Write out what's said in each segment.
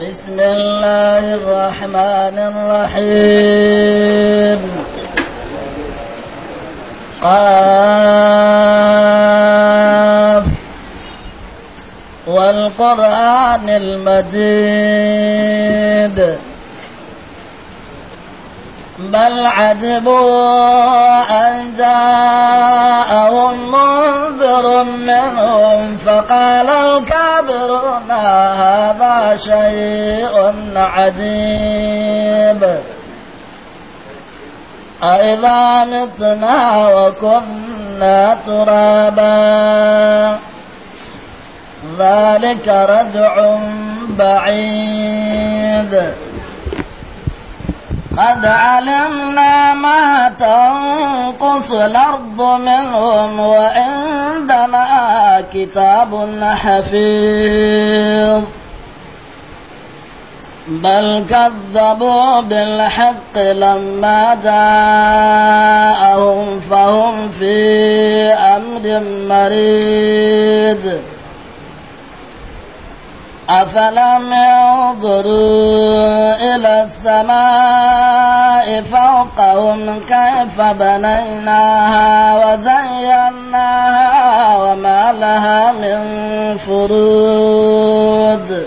بسم الله الرحمن الرحيم قاف والقرآن المجيد بل عجبوا أن جاءهم منذر منهم فقال الكافر ينظرون هذا شيء عجيب أإذا متنا وكنا ترابا ذلك رجع بعيد قد علمنا ما تنقص الأرض منهم وعندنا كتاب حفيظ بل كذبوا بالحق لما جاءهم فهم في أمر مريض أفلم ينظروا إلى السماء فوقهم كيف بنيناها وزيناها وما لها من فروض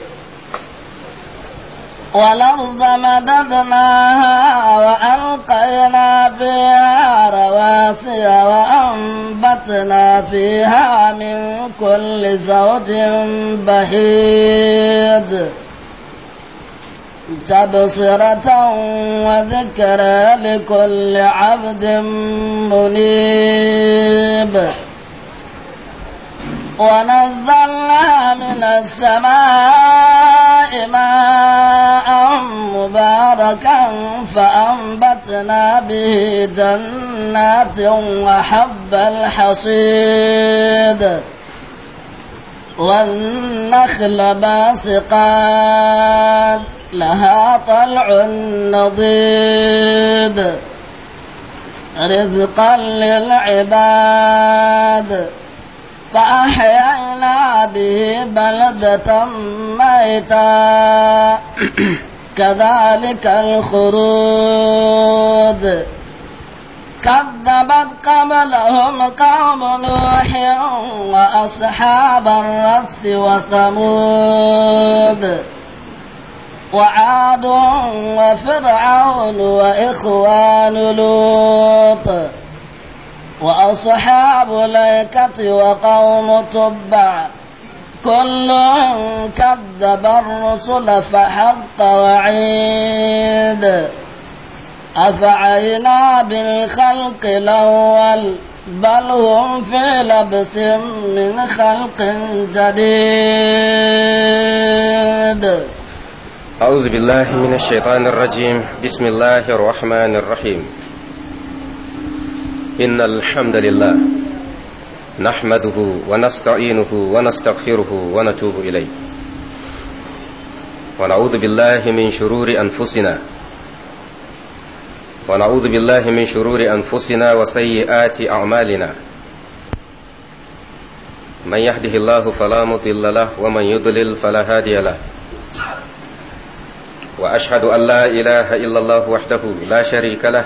والأرض مددناها وألقينا فيها رواسي وأنبتنا فيها من كل زوج بهيد تبصرة وذكرى لكل عبد منيب ونزلنا من السماء ماء مباركا فأنبتنا به جنات وحب الحصيد والنخل باسقات لها طلع نضيد رزقا للعباد فأحيينا به بلدة ميتا كذلك الخروج كذبت قبلهم قوم نوح وأصحاب الرس وثمود وعاد وفرعون وإخوان لوط وأصحاب الأيكة وقوم تبع كل كذب الرسل فحق وعيد أفعينا بالخلق الأول بل هم في لبس من خلق جديد أعوذ بالله من الشيطان الرجيم بسم الله الرحمن الرحيم إن الحمد لله نحمده ونستعينه ونستغفره ونتوب إليه ونعوذ بالله من شرور أنفسنا ونعوذ بالله من شرور أنفسنا وسيئات أعمالنا من يهده الله فلا مضل له ومن يضلل فلا هادي له وأشهد أن لا إله إلا الله وحده لا شريك له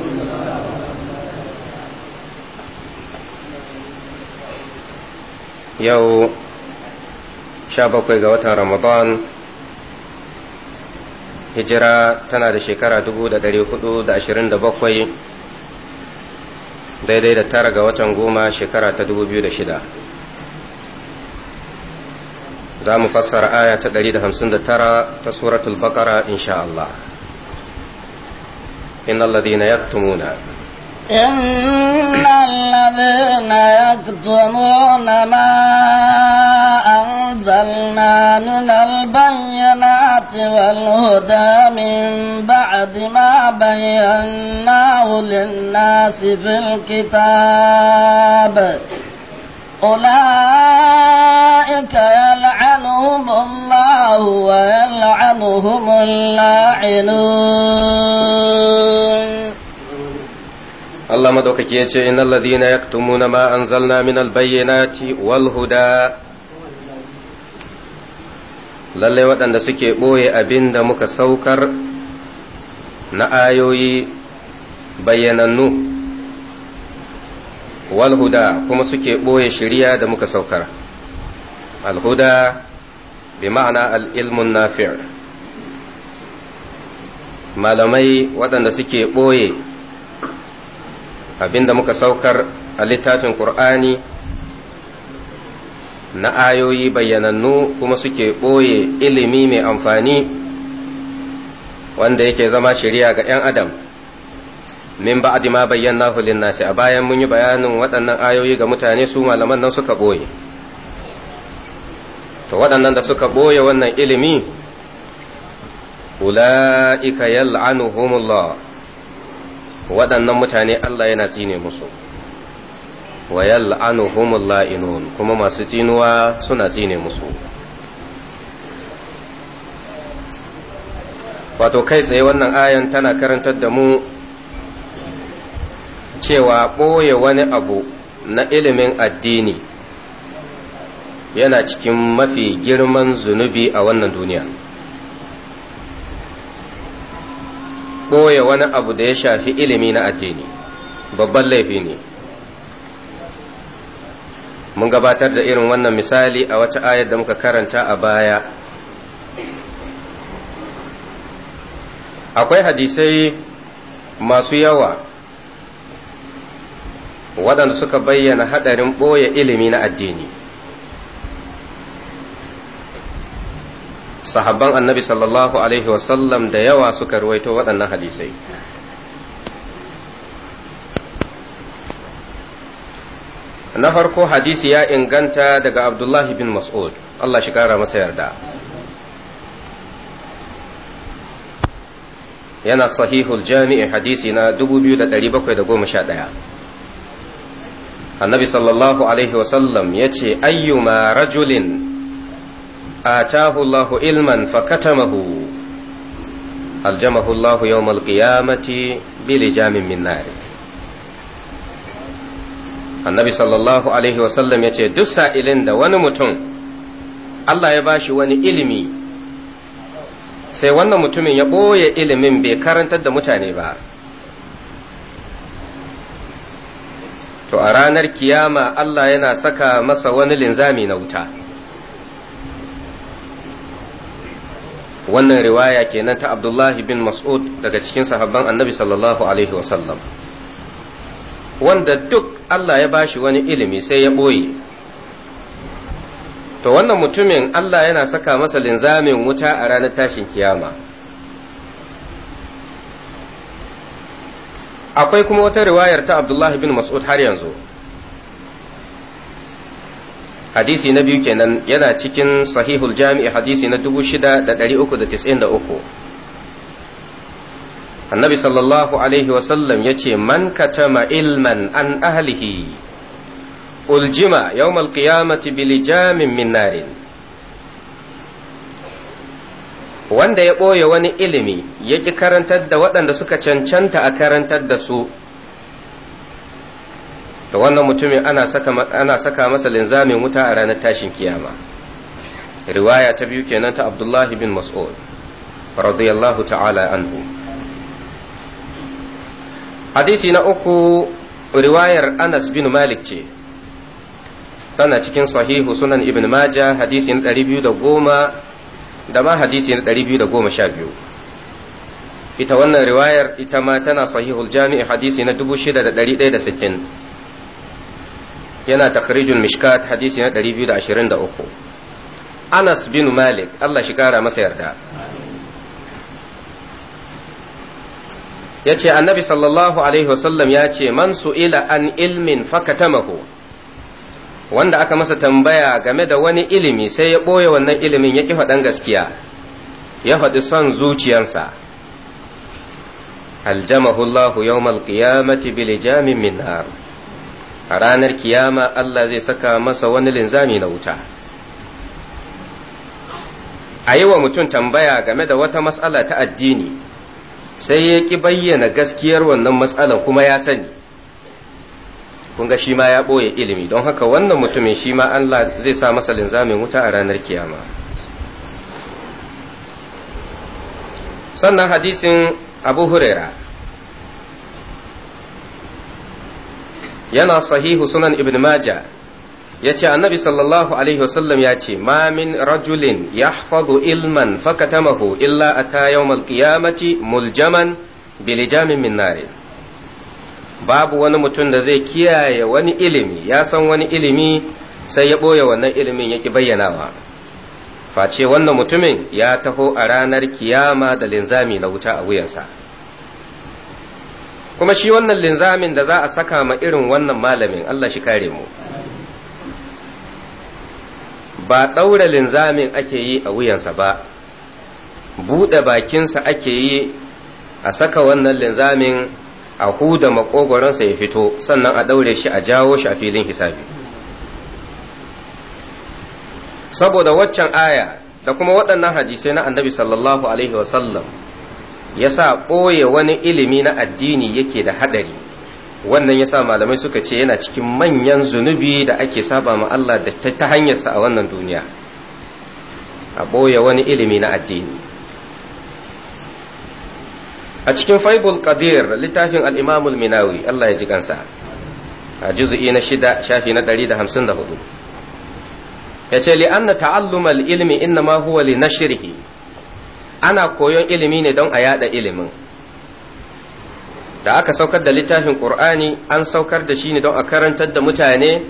yau sha bakwai ga watan ramadan hijira tana da shekara dubu da ɗari hudu da ashirin da bakwai daidai da tara ga watan goma shekara ta dubu biyu da shida za mu fassara aya ta ɗari da hamsin da tara ta suratul bakara insha Allah إن الذين tumuna. إن الذين يكتمون ما أنزلنا من البينات والهدى من بعد ما بيناه للناس في الكتاب أولئك يلعنهم الله ويلعنهم اللاعنون Allah madaukaki ya ce innal ladina yaktumuna ma anzalna minal bayyinati wal huda Lallai waɗanda suke ɓoye abin da muka saukar na ayoyi bayyanannu wal huda kuma suke ɓoye shiriya da muka saukar al huda bi ma'ana al'ilmun ilmun nafi' malamai waɗanda suke ɓoye abinda muka saukar a littafin ƙur'ani na ayoyi bayyanannu kuma suke ɓoye ilimi mai amfani wanda yake zama shari'a ga 'yan adam min ba'di ma bayyana hulun nasi a bayan mun yi bayanin waɗannan ayoyi ga mutane su malaman nan suka ɓoye to waɗannan da suka ɓoye wannan ilimi ula'ika yal'anuhumullah waɗannan mutane Allah yana tsine musu wa yal'anuhumul la'inun kuma masu tsinuwa suna tsine musu wato kai tsaye wannan ayan tana karantar da mu cewa ɓoye wani abu na ilimin addini yana cikin mafi girman zunubi a wannan duniya ɓoye wani abu da ya shafi ilimi na addini babban laifi ne mun gabatar da irin wannan misali a wata ayar da muka karanta a baya akwai hadisai masu yawa waɗanda suka bayyana haɗarin ɓoye ilimi na addini sahabban annabi sallallahu alaihi wasallam da yawa suka ruwaito waɗannan hadisai na farko hadisi ya inganta daga abdullahi bin mas'ud Allah shi kara masa yarda yana sahihul jami'i hadisi na 2711 annabi sallallahu alaihi wasallam ya ce ayyuma rajulin آتاه الله علما فكتمه ألجمه الله يوم القيامة بلجام من نار النبي صلى الله عليه وسلم يتي دسا إلين دا ونمتون الله يباشي وني إلمي sai wannan mutumin ya ɓoye ilimin bai karantar da mutane ba to a ranar kiyama Allah yana saka masa wani linzami na wuta wannan riwaya kenan ta abdullahi bin mas'ud daga cikin sahabban annabi sallallahu alaihi wasallam wanda duk Allah ya bashi wani ilimi sai ya ɓoye to wannan mutumin Allah yana saka masa linzamin wuta a ranar tashin kiyama akwai kuma wata riwayar ta abdullahi bin mas'ud har yanzu hadisi na biyu kenan yana cikin sahihul jami'i hadisi na 6393 annabi sallallahu alaihi wasallam ya ce man katama ilman an ahlihi uljima yawmal qiyamati bilijamin min narin wanda ya ɓoye wani ilimi ya ƙi karantar da waɗanda suka cancanta a karantar da su da wannan mutumin ana saka masa linzamin wuta a ranar tashin kiyama riwaya ta biyu kenan ta abdullahi bin mas'ud radiyallahu ta'ala anhu hadisi na uku riwayar anas bin malik ce tana cikin sahihu sunan ibn maja hadisi na 210 da ma hadisi na 212 ita wannan riwayar ita ma tana sahihul jami'i hadisi na 6160 yana takrijun mishkat hadisi na 223 Anas bin Malik Allah shi kara masa yarda ya ce annabi sallallahu alaihi wasallam ya ce man su'ila an ilmin fakatamahu wanda aka masa tambaya game da wani ilimi sai ya ɓoye wannan ilimin ya ki faɗan gaskiya ya faɗi son zuciyarsa. aljamahullahu Allahu yawmal qiyamati bil jamin min nar a ranar kiyama Allah zai saka masa wani linzami na wuta a yi wa mutum tambaya game da wata matsala ta addini sai ya ƙi bayyana gaskiyar wannan matsalar kuma ya sani kun shi ma ya ɓoye ilimi don haka wannan mutumin shi ma Allah zai sa masa linzamin wuta a ranar kiyama sannan hadisin abu huraira yana sahihu sunan ibn maja ya ce annabi sallallahu alaihi wasallam ya ce ma min rajulin yahfazu ilman fakatamahu illa ata yawmal qiyamati muljaman bilijamin min nari babu wani mutum da zai kiyaye wani ilimi ya san wani ilimi sai ya ɓoye wannan ilimin ya ki bayyanawa face wannan mutumin ya taho a ranar kiyama da linzami na wuta a wuyansa kuma shi wannan linzamin da za a saka ma irin wannan malamin Allah shi kare mu ba ɗaura linzamin ake yi a wuyansa ba buɗe bakinsa ake yi a saka wannan linzamin a huda makogoronsa ya fito sannan a ɗaure shi a jawo shi a filin hisabi saboda waccan aya da kuma waɗannan hadisai na annabi sallallahu alaihi wasallam Ya sa ɓoye wani ilimi na addini yake da haɗari wannan ya sa malamai suka ce yana cikin manyan zunubi da ake saba ma Allah da ta hanyarsa a wannan duniya a ɓoye wani ilimi na addini a cikin faibul kabir littafin al'imamul minawi Allah ya ji kansa a juzu'i na shida shafi na ɗari da hamsin da hudu ya ce li'anna ta'allumal ilmi inna ma huwa li ana koyon ilimi ne don a yada ilimin da aka saukar da littafin qur'ani an saukar da shi ne don a karantar da mutane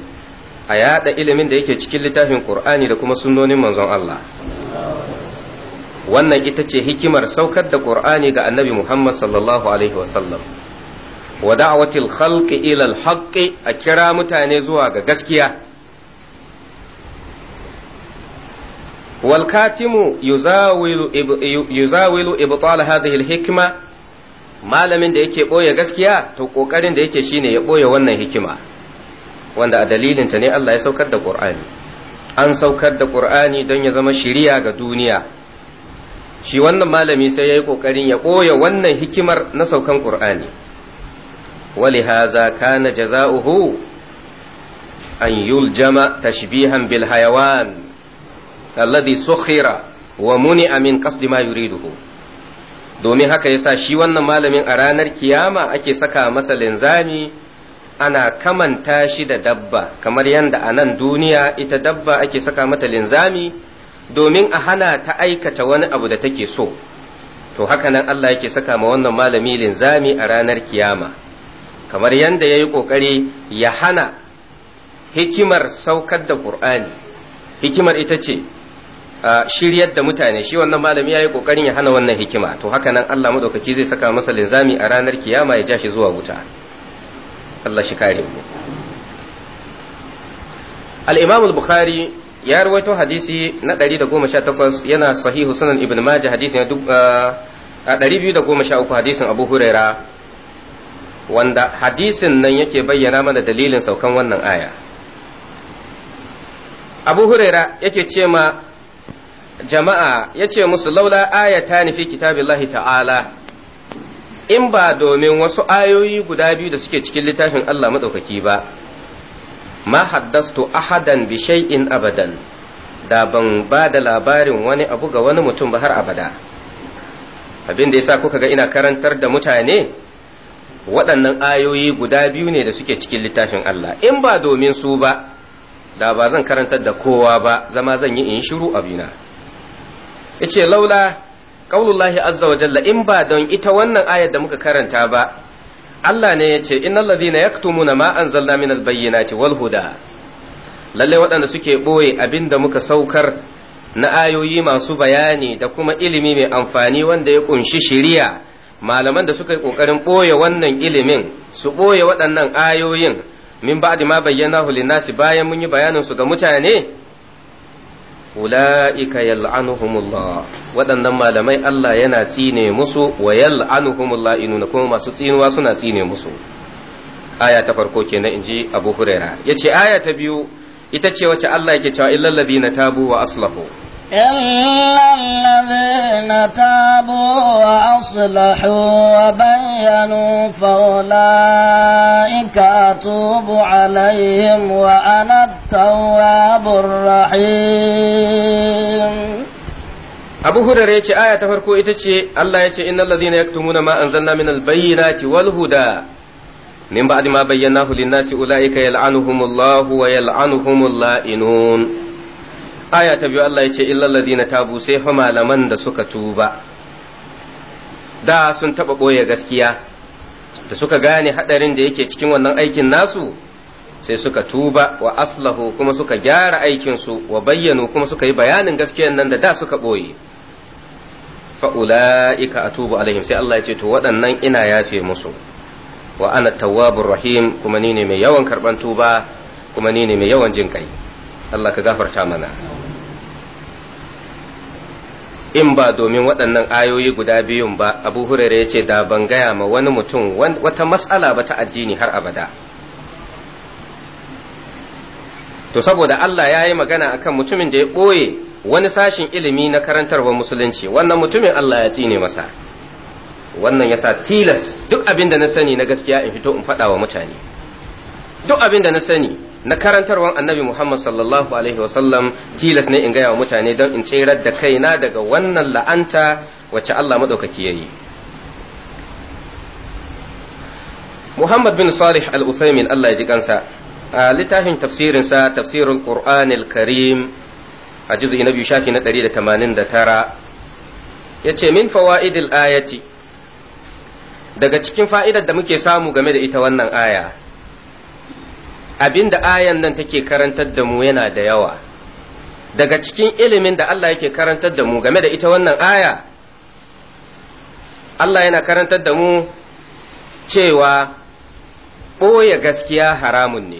a yada ilimin da yake cikin littafin ƙur'ani da kuma sunnonin manzon Allah wannan ita ce hikimar saukar da ƙur'ani ga annabi Muhammad sallallahu alaihi wasallam wa da'watil khalqi ila al a kira mutane zuwa ga gaskiya والكاتم يزاول يزاول ابطال هذه الحكمه malamin da yake boye gaskiya to ƙoƙarin da yake shine ya ɓoye wannan hikima wanda a dalilinta ne Allah ya saukar da ƙur'ani an saukar da ƙur'ani don ya zama shiriya ga duniya shi wannan malami sai ya yi ƙoƙarin ya ɓoye wannan hikimar na saukan ƙur'ani kana jaza'uhu an yuljama tashbihan bil hayawan. alladhi sukhira wa muni amin qasdi ma yuriduhu domin haka yasa shi wannan malamin a ranar kiyama ake saka masa linzami ana kamanta shi da dabba kamar yadda a nan duniya ita dabba ake saka mata linzami domin a hana ta aikata wani abu da take so to haka nan Allah yake saka ma wannan malami linzami a ranar kiyama kamar yadda ya yi ƙoƙari ya hana hikimar saukar da ƙur'ani hikimar ita ce shiryar da mutane shi wannan malami yi kokarin ya hana wannan hikima to haka nan Allah madaukaki zai saka masa linzami a ranar kiyama ya ja shi zuwa wuta Allah shi kare mu al-Imam al-Bukhari ya rawaito hadisi na 118 yana sahihu sunan Ibn Majah hadisi na 213 hadisin Abu Huraira wanda hadisin nan yake bayyana mana dalilin saukan wannan aya Abu Huraira yake cewa jama'a ya ce musu laula ayata ni fi kitabillahi ta'ala in ba domin wasu ayoyi guda biyu da suke cikin littafin Allah maɗaukaki ba ma haddastu ahadan bi shay'in abadan da ban ba da labarin wani abu ga wani mutum ba har abada abin da yasa kuka ga ina karantar da mutane waɗannan ayoyi guda biyu ne da suke cikin littafin Allah in ba domin su ba da ba zan karantar da kowa ba zama zan yi in shiru abina yace laula qaulullahi azza wa jalla in ba don ita wannan ayar da muka karanta ba Allah ne yace innal ladhina yaktumuna ma anzalna minal bayyinati wal huda lalle waɗanda suke ɓoye abin da muka saukar na ayoyi masu bayani da kuma ilimi mai amfani wanda ya ƙunshi shiriya malaman da suka yi ƙoƙarin ɓoye wannan ilimin su ɓoye waɗannan ayoyin min ba'di ma bayyana nasi bayan mun yi bayanin su ga mutane ula'ika yal'anuhumullah waɗannan malamai Allah yana tsine musu wa yal'anuhumullah inuna kuma masu tsinuwa suna tsine musu aya ta farko kenan inji Abu Huraira yace aya ta biyu ita ce wacce Allah yake cewa illal ladina tabu wa aslahu إلا الذين تابوا وأصلحوا وبينوا فأولئك wa عليهم وأنا التواب الرحيم abu hurare ya ce aya ta farko ita ce Allah ya ce innal ladhina yaktumuna ma anzalna minal bayyinati wal huda min ba'di ma bayyanahu lin-nasi ulaika yal'anuhumullahu wa yal'anuhumul la'inun aya ta biyu Allah ya ce illal ladina tabu sai fa malaman da suka tuba da sun taba ɓoye gaskiya da suka gane hadarin da yake cikin wannan aikin nasu sai suka tuba wa aslahu kuma suka gyara aikin su wa bayyanu kuma suka yi bayanin gaskiyan nan da da suka boye fa ulaika atubu alaihim sai Allah ya ce to waɗannan ina yafe musu wa ana tawwabur rahim kuma ni mai yawan karban tuba kuma ni mai yawan jin kai Allah ka gafarta mana in ba domin waɗannan ayoyi guda biyun ba abu hurairu ya ce da ban gaya ma wani mutum wata matsala ba ta addini har abada to saboda Allah ya yi magana akan mutumin da ya ɓoye wani sashin ilimi na karantarwa musulunci wannan mutumin Allah ya tsine masa wannan yasa tilas duk abin da na sani na gaskiya in fito in faɗa wa mutane duk abin da na sani na karantarwan annabi Muhammad sallallahu alaihi wasallam tilas ne in gaya wa mutane don in tserar da kaina daga wannan la'anta wacce Allah maɗaukaki ya yi. Muhammad bin Salih al-Usaimin Allah ya ji kansa a littafin tafsirinsa tafsirin Qur'an al-Karim a juz'i na biyu shafi na 189 yace min fawaidil ayati daga cikin fa'idar da muke samu game da ita wannan aya abin da ayan nan take karantar da mu yana da yawa daga cikin ilimin da Allah yake karantar da mu game da ita wannan aya Allah yana karantar da mu cewa ɓoye gaskiya haramun ne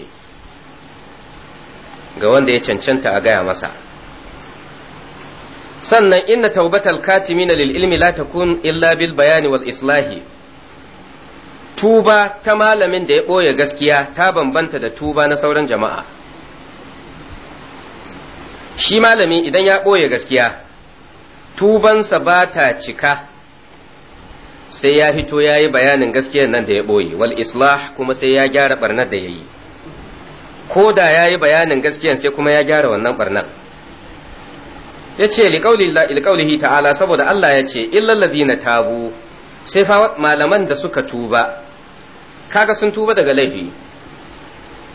ga wanda ya cancanta a gaya masa sannan inna taubatal katimina lil ilmi la takun illa bil bayani wal islahi tuba ta malamin da ya ɓoye gaskiya ta bambanta da tuba na sauran jama'a shi malami idan ya ɓoye gaskiya tubansa ba ta cika sai ya fito ya yi bayanin gaskiyar nan da ya ɓoye wal islah kuma sai ya gyara barnar da ya yi ko da ya yi bayanin gaskiyar sai kuma ya gyara wannan barnar ya ce ta'ala saboda Allah ya ce illal tabu sai fa malaman da suka tuba kaga sun tuba daga laifi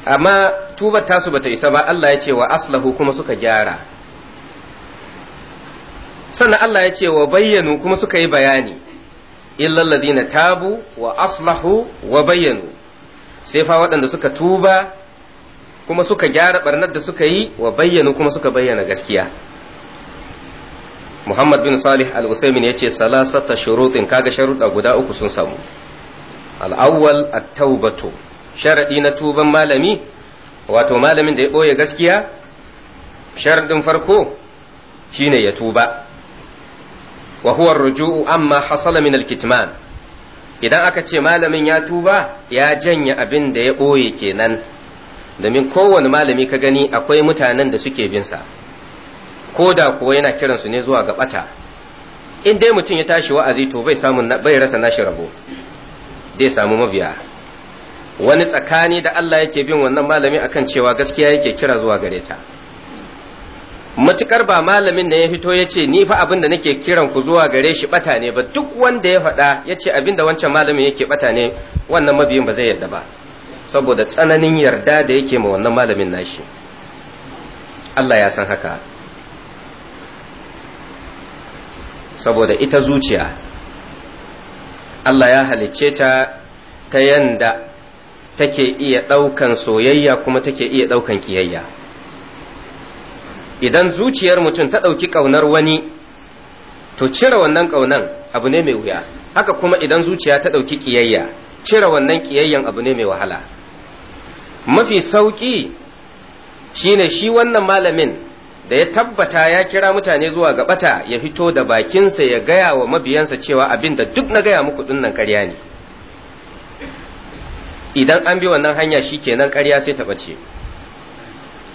amma tubar tasu bata isa ba Allah ya ce wa aslahu kuma suka gyara sannan Allah ya ce wa bayyanu kuma suka yi bayani na tabu wa aslahu wa bayyanu sai fa waɗanda suka tuba kuma suka gyara barnar da suka yi wa bayyanu kuma suka bayyana gaskiya Muhammad bin Salih al usaymin ya ce salasata shurutin kaga sharuɗa guda uku sun samu al'awwal a Taubato, sharaɗi na tuban malami wato malamin da ya ɓoye gaskiya sharaɗin farko shine ya tuba wa huwar ruju'u amma hasala min alkitman idan aka ce malamin ya tuba ya janye abin da ya ɓoye kenan domin kowane malami ka gani akwai mutanen da suke binsa ko da kuwa yana kiransu ne zuwa ga ɓata in dai mutum ya tashi wa'azi to bai samun bai rasa nashi rabo zai samu mabiya wani tsakani da Allah yake bin wannan malami akan cewa gaskiya yake kira zuwa gare ta matukar ba malamin da ya fito ya ce ni fa abin da nake kiran ku zuwa gare shi bata ne ba duk wanda ya faɗa ya ce abin da wancan malamin yake bata ne wannan mabiyin ba zai yarda ba saboda tsananin yarda da yake ma wannan malamin nashi Allah ya san haka saboda ita zuciya Allah ya halicce ta ta yanda take iya ɗaukan soyayya kuma take iya ɗaukan kiyayya idan zuciyar mutum ta ɗauki ƙaunar wani to cire wannan ƙaunan abu ne mai wuya haka kuma idan zuciya ta ɗauki kiyayya cire wannan kiyayyan abu ne mai wahala mafi sauƙi shine shi wannan malamin da ya tabbata ya kira mutane zuwa ga bata ya fito da bakinsa ya gaya wa mabiyansa cewa abin da duk na gaya muku dinnan karya ne idan an bi wannan hanya shi kenan karya sai ta bace.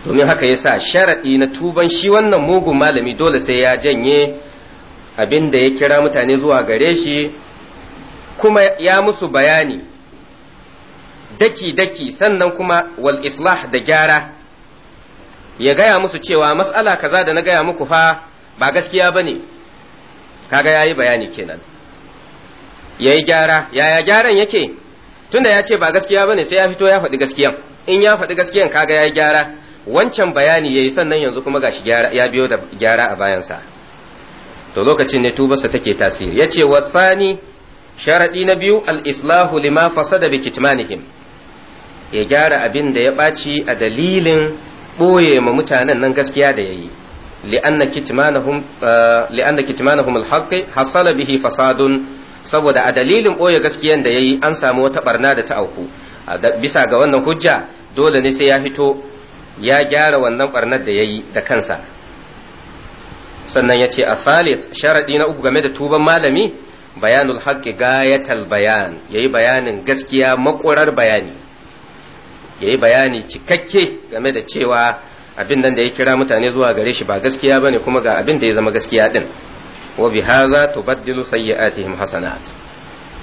domin haka ya sa sharaɗi na tuban shi wannan mugun malami dole sai ya janye abin da ya kira mutane zuwa gare shi kuma ya musu bayani daki-daki sannan kuma wal islah da gyara ya gaya musu cewa mas'ala kaza da na gaya muku fa ba gaskiya ba kaga ya yi bayani kenan ya gyara yaya gyaran yake tunda ya ce ba gaskiya ba sai ya fito ya faɗi gaskiyan in ya faɗi gaskiyan kaga ya yi gyara wancan bayani ya yi sannan yanzu kuma gashi ya biyo da gyara a bayansa to lokacin ne tubarsa take tasiri ya ce wasani sharaɗi na biyu al-islahu lima fasada bi kitmanihim ya gyara abin da ya ɓaci a dalilin ɓoye ma mutanen nan gaskiya da yayi yi kitmanahum eh, li'anna kitmanahum al-haqqi hasala bihi fasadun saboda a dalilin ɓoye gaskiyan da yayi an samu wata barna da ta auku bisa ga wannan hujja dole ne sai ya fito ya gyara wannan barnar da yayi da kansa sannan ya ce a thalith sharaɗi na uku game da tuban malami bayanul haqqi gayatal bayan yayi bayanin gaskiya maƙurar bayani ya yi bayani cikakke game da cewa abin nan da ya kira mutane zuwa gare shi ba gaskiya ba bane kuma ga abin da ya zama gaskiya din wa bi hadha tubaddilu sayyi'atihim hasanat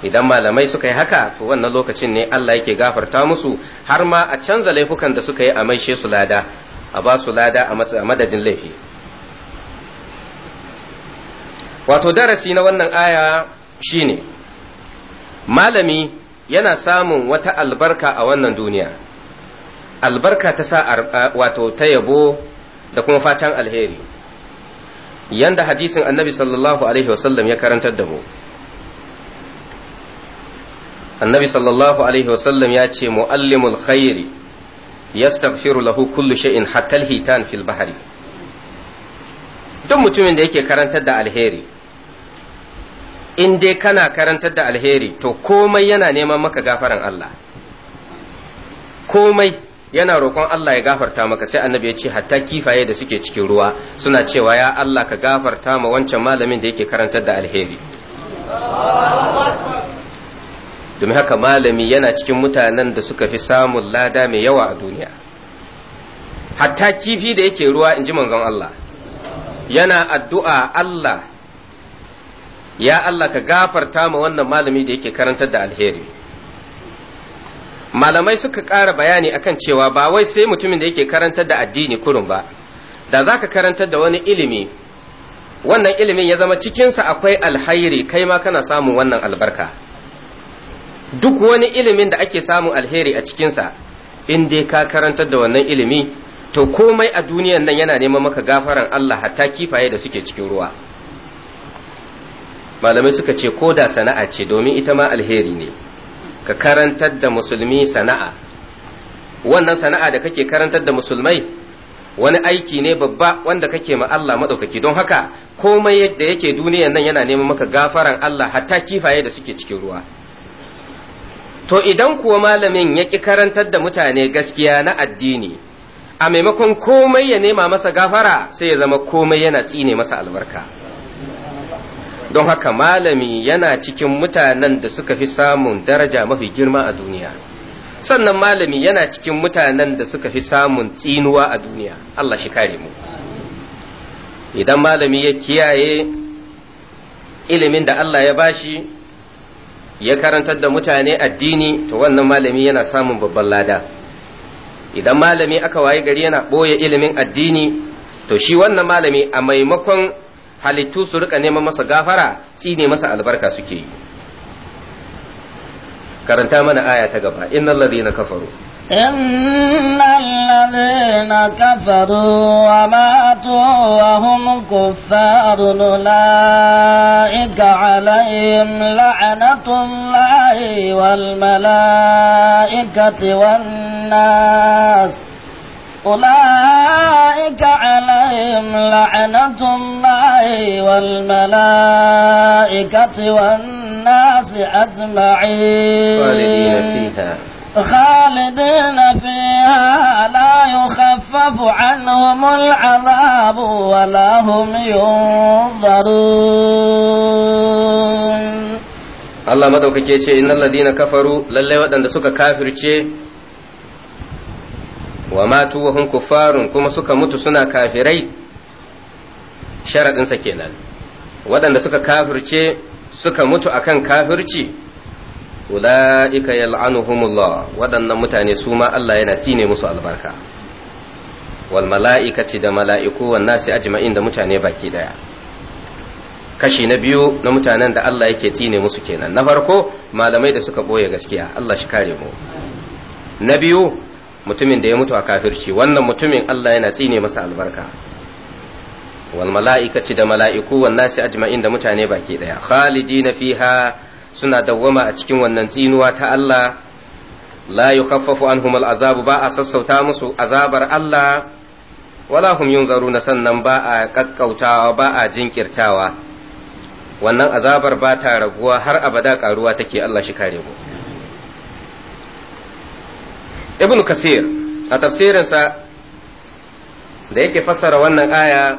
idan malamai suka yi haka to wannan lokacin ne Allah yake gafarta musu har ma a canza laifukan da suka yi a maishe su lada a ba su lada a madadin laifi wato darasi na wannan aya shine malami yana samun wata albarka a wannan duniya albarka ta sa wato ta yabo da kuma fatan alheri yanda hadisin annabi sallallahu alaihi wasallam ya karantar da mu annabi sallallahu alaihi wasallam ya ce mu'allimul khairi yastaghfiru lahu kullu shay'in hatta al fil bahri duk mutumin da yake karantar da alheri in dai kana karantar da alheri to komai yana neman maka gafaran Allah komai yana roƙon Allah ya gafarta maka sai annabi ya ce hatta kifaye da suke cikin ruwa suna cewa ya Allah ka gafarta ma wancan malamin da yake karantar da alheri domin haka malami yana cikin mutanen da suka fi samun lada mai yawa a duniya hatta kifi da yake ruwa in ji manzon Allah yana addu'a Allah ya Allah ka gafarta ma wannan malami da yake karantar da alheri malamai suka ƙara bayani akan cewa ba wai sai mutumin da yake karantar da addini kurun ba da za ka karantar da wani ilimi wannan ilimin ya zama cikinsa akwai alhairi kai ma kana samun wannan albarka duk wani ilimin da ake samun alheri a cikinsa in dai ka karantar da wannan ilimi to komai a duniyan nan yana neman maka gafaran Allah hatta kifaye da suke cikin ruwa malamai suka ce ko da sana'a ce domin ita ma alheri ne ka karantar da musulmi sana'a wannan sana'a da kake karantar da musulmai wani aiki ne babba wanda kake ma Allah maɗaukaki don haka komai yadda yake duniyar nan yana neman maka gafaran Allah hatta kifaye da suke cikin ruwa to idan kuwa malamin ya ƙi karantar da mutane gaskiya na addini a maimakon komai ya nema masa gafara sai ya zama komai yana tsine masa albarka don haka malami yana cikin mutanen da suka fi samun daraja mafi girma a duniya sannan malami yana cikin mutanen da suka fi samun tsinuwa a duniya Allah shi kare mu idan malami ya kiyaye ilimin da Allah ya bashi ya karantar da mutane addini to wannan malami yana samun babban lada idan malami aka waye gari yana boye ilimin addini to shi wannan malami a maimakon halittu su rika neman masa gafara tsine masa albarka suke yi karanta mana aya ta gaba innal ladina kafaru إن الذين كفروا وماتوا وهم كفار أولئك عليهم wal الله والملائكة والناس أولئك عليهم لعنة الله والملائكة والناس أجمعين خالدين فيها خالدين فيها لا يخفف عنهم العذاب ولا هم ينظرون الله مدوكك يتشي إن الذين كفروا للي ودن سك كافر wa matu wa hun kuffarun kuma suka mutu suna kafirai Sharaɗinsa kenan waɗanda suka kafirce suka mutu akan kafirci ula'ika yal'anuhumullah waɗannan mutane su ma Allah yana tsine musu albarka wal mala'ikati da mala'iku wan nasi ajma'in da mutane baki daya kashi na biyu na mutanen da Allah yake tsine musu kenan na farko malamai da suka boye gaskiya Allah shi kare mu na biyu mutumin da ya mutu a kafirci wannan mutumin Allah yana tsine masa albarka wal mala'ikati da mala'iku wan nasi ajma'in da mutane baki daya khalidina fiha suna dawwama a cikin wannan tsinuwa ta Allah la yukhaffafu anhum al azabu ba a sassauta musu azabar Allah wala hum yunzaruna sannan ba a kakkautawa ba a jinkirtawa wannan azabar ba ta raguwa har abada karuwa take Allah shi kare mu ibn kasir a tafsirinsa da yake fassara wannan aya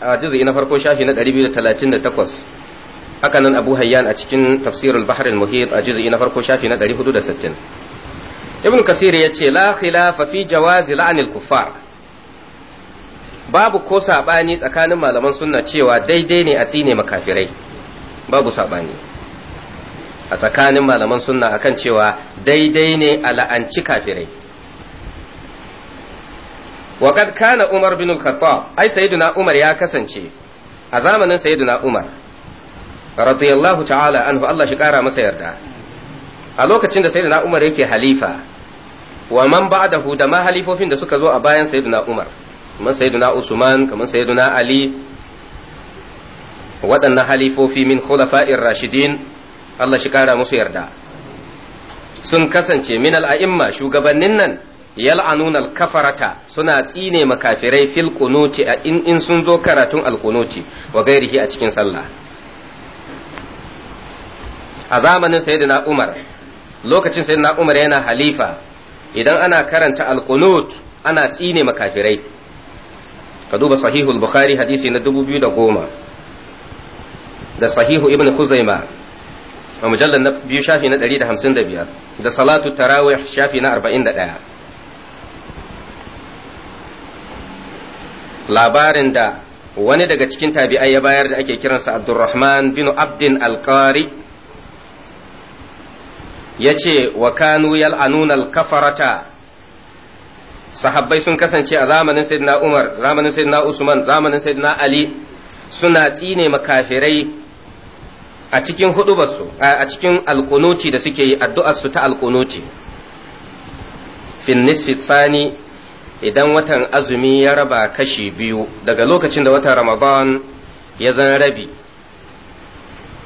a juzu'i na farko shafi na 238 haka nan abu hayyan a cikin tafsirul al muhit a juzu'i na farko shafi na 460 ibn kasir ya ce la khilafa fi jawazi la'anil kuffar babu ko sabani tsakanin malaman sunna cewa daidai ne a tsine makafirai babu sabani a tsakanin malaman sunna akan cewa daidai ne a la'anci kafirai wa kad kana Umar bin al-Khattab ai sayyiduna Umar ya kasance a zamanin sayyiduna Umar radiyallahu ta'ala anhu Allah shi kara masa yarda a lokacin da sayyiduna Umar yake halifa wa man ba'dahu da ma halifofin da suka zo a bayan sayyiduna Umar kamar sayyiduna Usman kamar sayyiduna Ali waɗannan halifofi min khulafa'ir rashidin Allah shi kara musu yarda sun kasance min al'a'imma shugabannin nan yal'anuna al-kafarata suna tsine makafirai filkunuti qunuti in sun zo karatun alkunuti qunuti wa gairihi a cikin sallah a zamanin sayyidina Umar lokacin sayyidina Umar yana halifa idan ana karanta alkunut ana tsine makafirai ka duba sahihu bukhari hadisi na 2010 da sahihu ibn khuzaima a mujallar na biyu shafi na 155 da salatu tarawih shafi na 41 labarin da wani daga cikin tabi'ai ya bayar da ake kiransa abdurrahman bin abdin alkari ya ce wa kanu yal'anun kafarata sahabbai sun kasance a zamanin sayyidina umar zamanin sayyidina usman zamanin sayyidina ali suna tsine makafirai a cikin hudubarsu a cikin alkunuti da suke yi addu'arsu ta alkunuti fin nisfi tsani idan watan azumi ya raba kashi biyu daga lokacin da watan ramadan ya zan rabi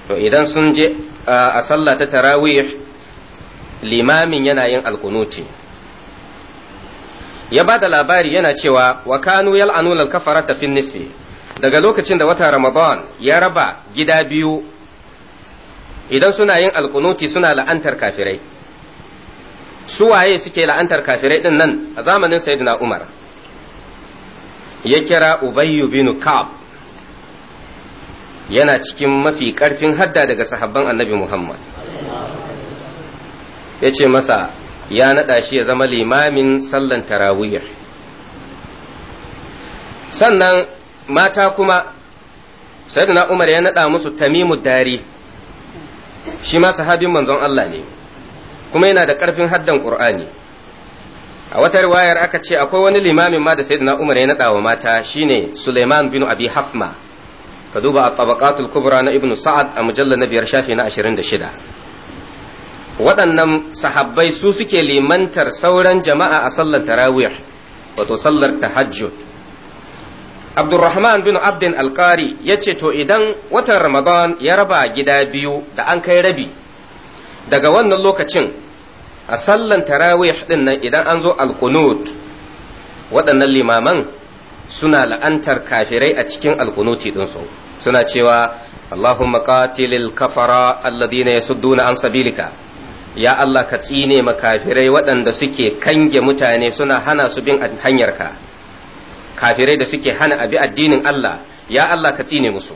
to idan sun je a sallah ta tarawih limamin yana yin alkunuti ya ba da labari yana cewa wa kanu yal'anuna al-kafarata fi nisfi daga lokacin da watan ramadan ya raba gida biyu idan suna yin alkunuti suna la'antar kafirai su waye suke la'antar kafirai din nan a zamanin sayyidina Umar ya kira Ubayyu bin kab yana cikin mafi karfin hadda daga sahabban Annabi Muhammad ya ce masa ya naɗa shi ya zama limamin sallan tarawiyar. sannan mata kuma sayyidina Umar ya naɗa musu tamimu dari shi ma sahabin manzon Allah ne kuma yana da ƙarfin haddan ƙur'ani a wata riwayar aka ce akwai wani limamin ma da na umar ya naɗa wa mata shine suleiman bin abi hafma ka duba a kubra na ibnu sa'ad a mujallar na biyar shafi na ashirin da shida waɗannan sahabbai su suke limantar sauran jama'a a sallar tarawih wato sallar tahajjud Abdulrahman bin Abdin Alkari ya ce to idan watan Ramadan ya raba gida biyu da an kai rabi daga wannan lokacin a sallan tarawih din nan idan an zo alkunut waɗannan limaman suna la'antar kafirai a cikin alkunuti ɗinsu suna cewa allahumma qatilil kafara alladhina yasudduna an sabilika ya Allah ka tsine makafirai waɗanda suke kange mutane suna hana su bin hanyarka kafirai da suke hana abi addinin Allah ya Allah ka tsine musu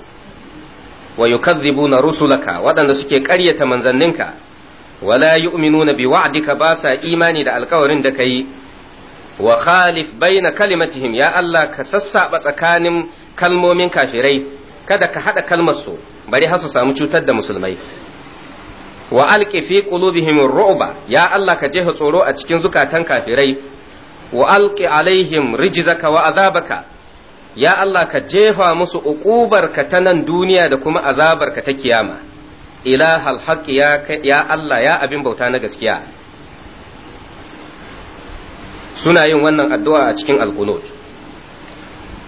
wa yukadhibuna rusulaka waɗanda suke ƙaryata manzanninka wala yu'minuna bi wa'dika ba sa imani da alkawarin da ka yi. khalif baina kalimatihim ya Allah ka sassaba tsakanin kalmomin kafirai kada ka haɗa kalmar su bari har su samu cutar da musulmai wa alqi fi ya Alla ka jefa tsoro a cikin zukatan kafirai wa alqi alaihim rijzaka wa ya Allah ka jefa musu uƙubarka ta nan duniya da kuma azabarka ta kiyama ilahal haqqi ya Allah ya abin bauta na gaskiya suna yin wannan addu'a a cikin alkunut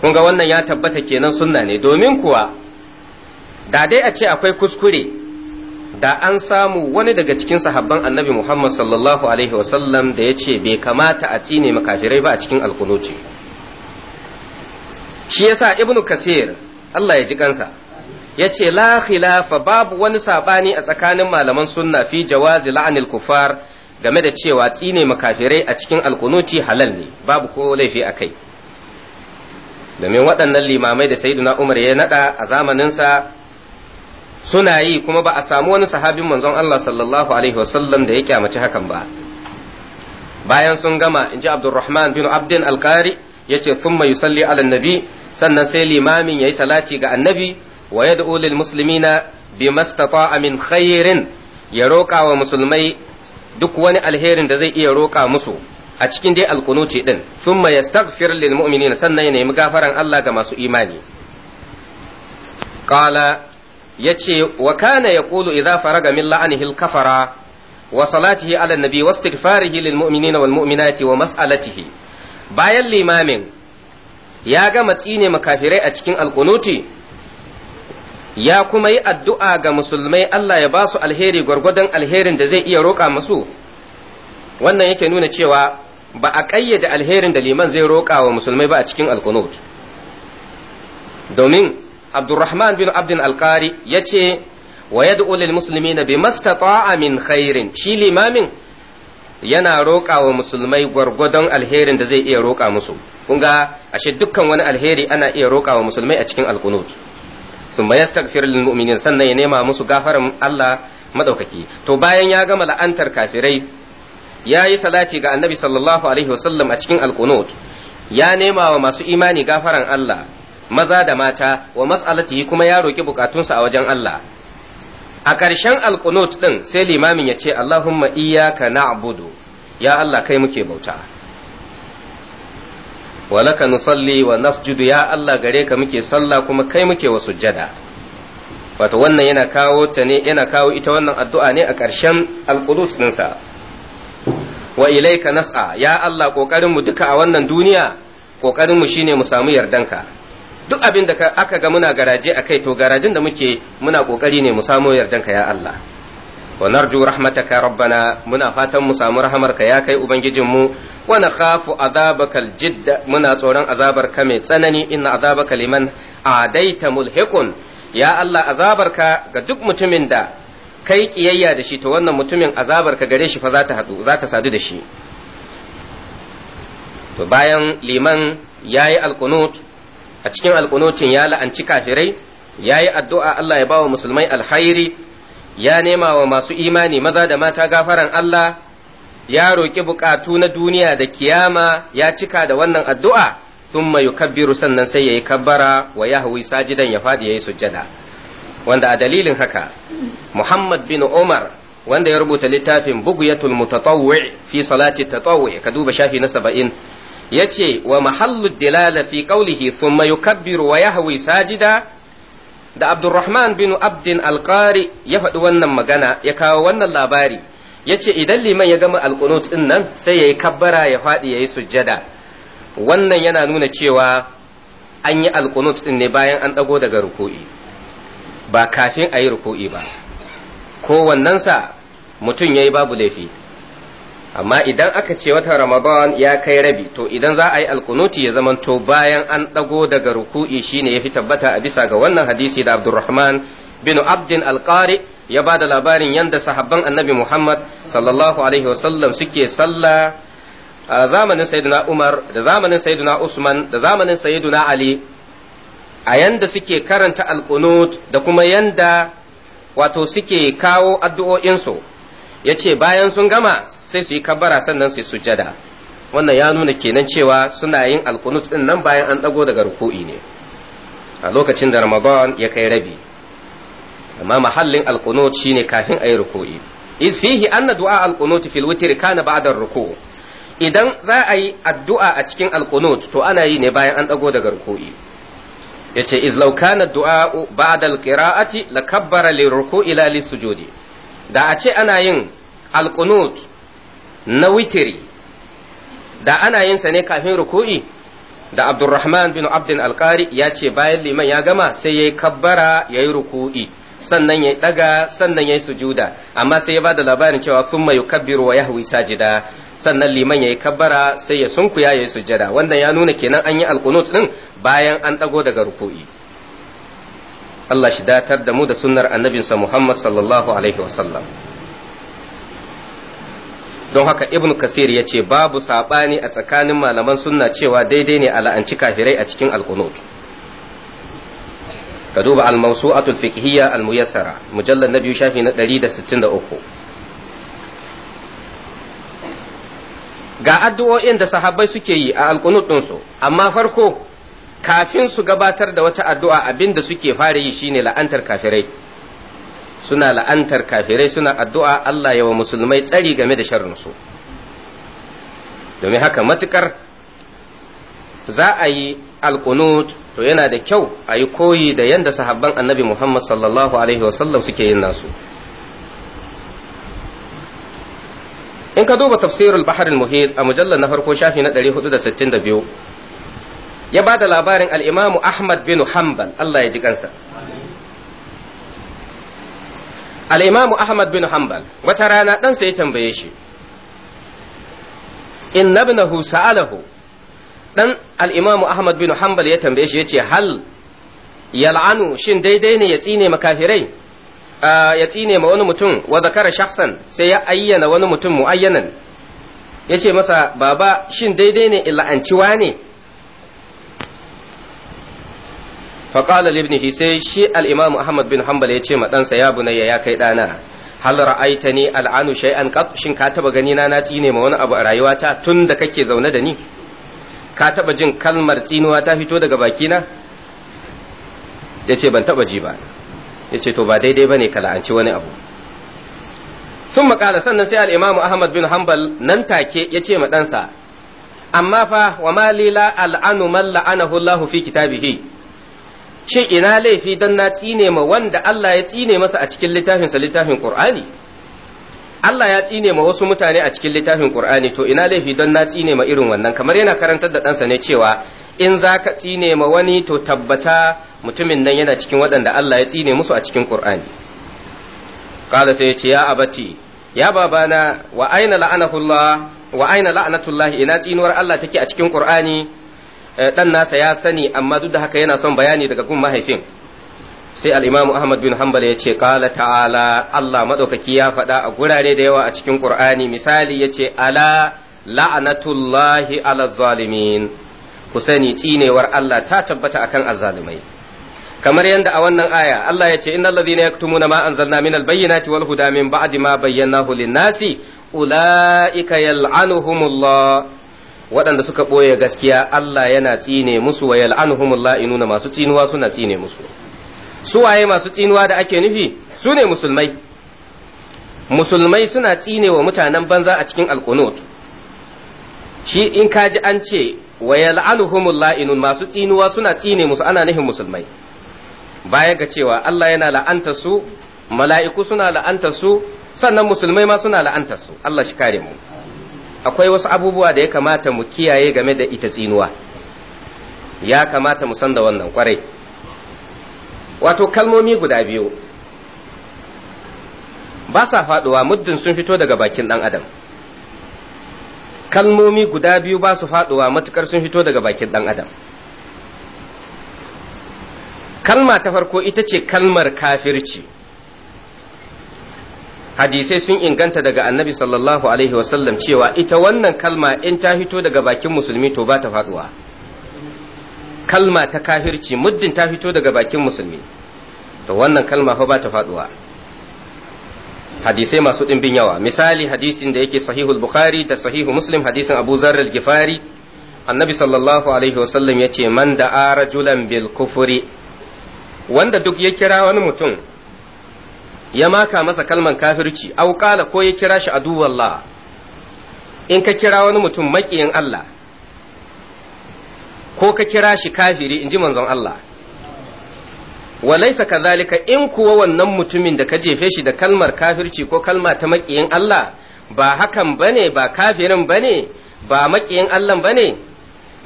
kun ga wannan ya tabbata kenan sunna ne domin kuwa da dai a ce akwai kuskure da an samu wani daga cikin sahabban annabi Muhammad sallallahu Alaihi wasallam da ya ce bai kamata a tsine makafirai ba a cikin alkunoci Shi yasa ibnu Kasir Allah ya ji kansa yace la khilafa babu wani sabani a tsakanin malaman sunna fi jawazi la'anil kufar game da cewa tsine makafirai a cikin alkunuti halal ne babu ko laifi a kai domin waɗannan limamai da sayyiduna umar ya naɗa a zamaninsa suna yi kuma ba a samu wani sahabin manzon Allah sallallahu alaihi wasallam da ya kyamaci hakan ba bayan sun gama in ji abdurrahman bin abdin alkari ya ce thumma yusalli ala nabi sannan sai limamin ya yi salati ga annabi wa yad'u lil na bima istata'a min khairin ya roƙa wa musulmai duk wani alherin da zai iya roƙa musu a cikin dai alkunuti din thumma yastaghfir lil mu'minina sannan ya nemi gafaran Allah ga masu imani qala yace wa kana yaqulu idza faraga min la'anihi al kafara wa salatihi ala nabi wa istighfarihi lil mu'minina wal mu'minati wa mas'alatihi bayan limamin ya gama tsine makafirai a cikin alkunuti ya kuma yi addu'a ga musulmai Allah ya ba su alheri gwargwadon alherin da zai iya roƙa musu wannan yake nuna cewa ba a ƙayyade alherin da liman zai roƙa wa musulmai ba a cikin alkunut domin abdurrahman bin abdin alkari ya ce wa yad'u musulmi na bi mastata'a min khairin shi limamin yana roƙa wa musulmai gwargwadon alherin da zai iya roƙa musu kun ga ashe dukkan wani alheri ana iya roƙa wa musulmai a cikin alkunut thumma yastaghfir lil mu'minin sannan ya nema musu gafaran Allah madaukaki to bayan ya gama la'antar kafirai ya yi salati ga annabi sallallahu alaihi wasallam a cikin alqunut ya nema wa masu imani gafaran Allah maza da mata wa mas'alatihi kuma ya roki bukatunsa a wajen Allah a ƙarshen alqunut din sai limamin ya ce Allahumma iyyaka na'budu ya Allah kai muke bauta walaka nusalli wa nasjudu ya Allah gare ka muke sallah kuma kai muke wa sujjada wato wannan yana kawo ta ne yana kawo ita wannan addu'a ne a ƙarshen alqudus dinsa wa ilaika nas'a ya Allah kokarin mu duka a wannan duniya kokarin mu shine mu samu yardanka duk abin da aka ga muna garaje akai to garajin da muke muna kokari ne mu samu yardanka ya Allah wa narju rahmataka rabbana muna fatan mu samu ka ya kai mu, wa khafu azabakal jidd muna tsoron azabarka mai tsanani inna azabaka liman adaita mulhiqun ya Allah azabarka ga duk mutumin da kai kiyayya da shi to wannan mutumin azabarka gare shi fa za ta hadu sadu da shi to bayan liman yayi alqunut a cikin alqunutin ya la'anci kafirai yayi addu'a Allah ya bawa musulmai alkhairi ya nema wa masu imani maza da mata gafaran Allah ya roƙi buƙatu na duniya da kiyama ya cika da wannan addu'a thumma yukabbiru sannan sai ya yi kabbara wa hawi sajidan ya faɗi ya yi sujjada wanda a dalilin haka Muhammad bin Umar wanda ya rubuta littafin ta mutatawwi fi salati tatawwi ka duba shafi na saba'in. Ya ce wa mahallu dilala fi qawlihi thumma yukabbiru wa yahwi sajida da Abdurrahman bin Abdin Alƙari ya faɗi wannan magana ya kawo wannan labari ya ce idan liman ya gama alkunut ɗin nan sai ya yi kabbara ya faɗi ya yi sujjada wannan yana nuna cewa an yi alkunut ɗin ne bayan an ɗago daga ruku'i ba kafin ayi yi ruku'i ba kowannensa mutum ya yi babu laifi amma idan aka ce watan ramadan ya kai rabi to idan za a yi alkunuti ya zamanto bayan an dago daga ruku'i shine ya fi tabbata a bisa ga wannan hadisi da abdurrahman bin abdin alqari ya ba da labarin yanda sahabban annabi muhammad sallallahu alaihi wasallam suke sallah a zamanin sayyiduna umar da zamanin sayyiduna usman da zamanin sayyiduna ali a yanda suke karanta alkunut da kuma yanda wato suke kawo addu'o'insu ya ce bayan sun gama sai su yi kabbara sannan su yi sujjada wannan ya nuna kenan cewa suna yin alkunut din nan bayan an ɗago daga ruku'i ne a lokacin da ramadan ya kai rabi amma mahallin alkunut shine kafin a yi ruku'i is fihi anna du'a alkunut fil witr kana ba'da ruku idan za a yi addu'a a cikin alkunut to ana yi ne bayan an ɗago daga ruku'i yace iz law kana du'a ba'da alqira'ati lakabbara lirruku'i la lisujudi da a ce ana yin alkunut na witiri da ana yin sa ne kafin ruku'i da abdurrahman bin abdin alkari ya ce bayan liman ya gama sai ya yi kabbara ya yi ruku'i sannan ya daga sannan ya yi sujuda amma sai ya ba da labarin cewa sun mai kabbiru wa yahwi sajida sannan liman ya yi kabbara sai ya sunkuya ya yi sujada wanda ya nuna kenan an yi alkunut din bayan an dago daga ruku'i Allah shi datar da mu da sunnar annabinsa Muhammad sallallahu alaihi wasallam don haka ibn kasir ya ce babu saɓani a tsakanin malaman sunna cewa daidai ne a la'anci kafirai a cikin alkunut ka duba al a tulfikiyya al-muyassara mujallar na biyu shafi na uku ga addu'o'in da sahabbai suke yi a alkunut ɗinsu amma farko kafin su gabatar da wata addu'a abinda suke fara yi shine la'antar kafirai suna la'antar kafirai suna addu'a Allah ya wa musulmai tsari game da sharrinsu domin haka matukar za a yi alkunut to yana da kyau a yi koyi da yadda sahabban annabi Muhammad sallallahu alaihi wasallam suke yin nasu in ka duba tafsirul al muhit a mujallar na farko shafi na 462 ya ba da labarin al'imamu Ahmad bin Hanbal Allah ya ji kansa. al'imamu Ahmad bin Hanbal wata rana ɗansa ya tambaye shi, in nabnahu sa'alahu ɗan al'imamu Ahmad bin Hanbal ya tambaye shi ya ce, hal yal'anu shin daidai ne ya tsine makafirai? ya tsine ma wani mutum wa zakara shahsan sai ya ayyana wani mutum mu'ayyanan ya ce masa baba shin daidai ne ila'anciwa ne فقال لابنه سي شي الامام احمد بن حنبل dansa ya دانسا يا ya يا كاي دانا hal ra'aitani al'anu shay'an qat shin ka taba gani na na tsine ma wani abu a rayuwata tun da kake zaune da ni ka taba jin kalmar tsinuwa ta fito daga bakina yace ban taba ji ba yace to ba daidai bane ka la'anci wani abu sun makala sannan sai al'imamu ahmad bin hanbal nan take ya ce ma ɗansa amma fa wa malila al'anu man la'anahu Allahu fi kitabihi shin ina laifi dan na tsine ma wanda Allah ya tsine masa a cikin littafinsa littafin Qur'ani Allah ya tsine ma wasu mutane a cikin littafin Qur'ani to ina laifi don na tsine ma irin wannan kamar yana karantar da ɗansa ne cewa in za ka tsine ma wani to tabbata mutumin nan yana cikin waɗanda Allah ya tsine musu a cikin Qur'ani kala sai ya ce ya abati ya babana wa aina la'anatullah wa aina la'anatullah ina tsinuwar Allah take a cikin Qur'ani Eh, dan nasa ya sani amma duk da haka yana son bayani daga gun mahaifin sai al-Imam Ahmad bin Hanbal ya ce qala ta'ala Allah madaukaki ya faɗa a gurare da yawa a cikin Qur'ani misali yace ala la'anatullahi ala zalimin ku sani tsinewar Allah ta tabbata akan azzalimai kamar yadda a wannan aya Allah ya ce innal ladhina yaktumuna ma anzalna minal bayyinati wal huda min ba'di ma bayyanahu lin-nasi ulaika yal'anuhumullah waɗanda suka ɓoye gaskiya Allah yana tsine musu wa yal'anuhumul la'inuna masu tsinuwa suna tsine musu su waye masu tsinuwa da ake nufi su ne musulmai musulmai suna tsine wa mutanen banza a cikin alkunut shi in kaji an ce wa yal'anuhumul la'inun masu tsinuwa suna tsine musu ana nufin musulmai baya ga cewa Allah yana la'anta su mala'iku suna la'anta su sannan musulmai ma suna la'anta su Allah shi kare mu akwai wasu abubuwa da ya kamata mu kiyaye game da ita tsinuwa ya kamata mu san da wannan kwarai wato kalmomi guda biyu ba sa faduwa muddin sun fito daga bakin ɗan adam kalmomi guda biyu ba su faduwa matukar sun fito daga bakin ɗan adam kalma ta farko ita ce kalmar kafirci hadisai sun inganta daga annabi sallallahu alaihi wasallam cewa ita wannan kalma in ta hito daga bakin musulmi to ba ta faduwa kalma ta kafirci muddin ta fito daga bakin musulmi to wannan kalma fa ba ta faduwa hadisai masu ɗimbin yawa misali hadisin da yake sahihul bukhari da sahihu muslim hadisin abu zarar gifari annabi sallallahu alaihi wasallam ya ce man da rajulan bil kufuri wanda duk ya kira wani mutum ya maka masa kalman kafirci auƙala ko ya kira shi aduwallah in ka kira wani mutum makiyin Allah ko ka kira shi kafiri inji manzon Allah walaisa kadhalika in kuwa wannan mutumin da ka jefe shi da kalmar kafirci ko kalma ta makiyin Allah ba hakan bane ba kafirin bane ba makiyin Allah bane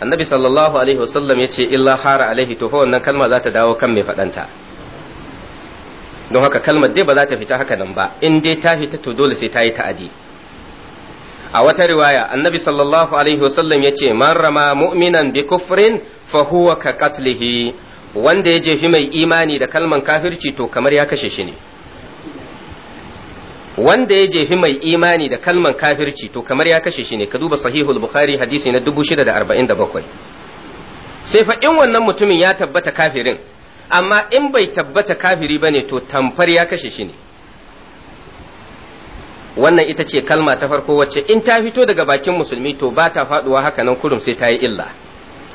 annabi sallallahu alaihi wasallam yace illa hara alaihi to wannan kalma za ta dawo kan mai fadanta don haka kalmar dai ba za ta fita haka nan ba in dai ta fita to dole sai ta yi ta'adi a wata riwaya annabi sallallahu alaihi wasallam ya ce man rama mu'minan bi kufrin fa huwa ka katlihi wanda ya jefi mai imani da kalman kafirci to kamar ya kashe shi ne wanda ya jefi mai imani da kalman kafirci to kamar ya kashe shi ne ka duba sahihul bukhari hadisi na 647 sai fa in wannan mutumin ya tabbata kafirin amma in bai tabbata kafiri ba ne to tamfar ya kashe shi ne wannan ita ce kalma ta farko wacce in ta fito daga bakin musulmi to ba ta faduwa haka nan kurum sai ta yi illa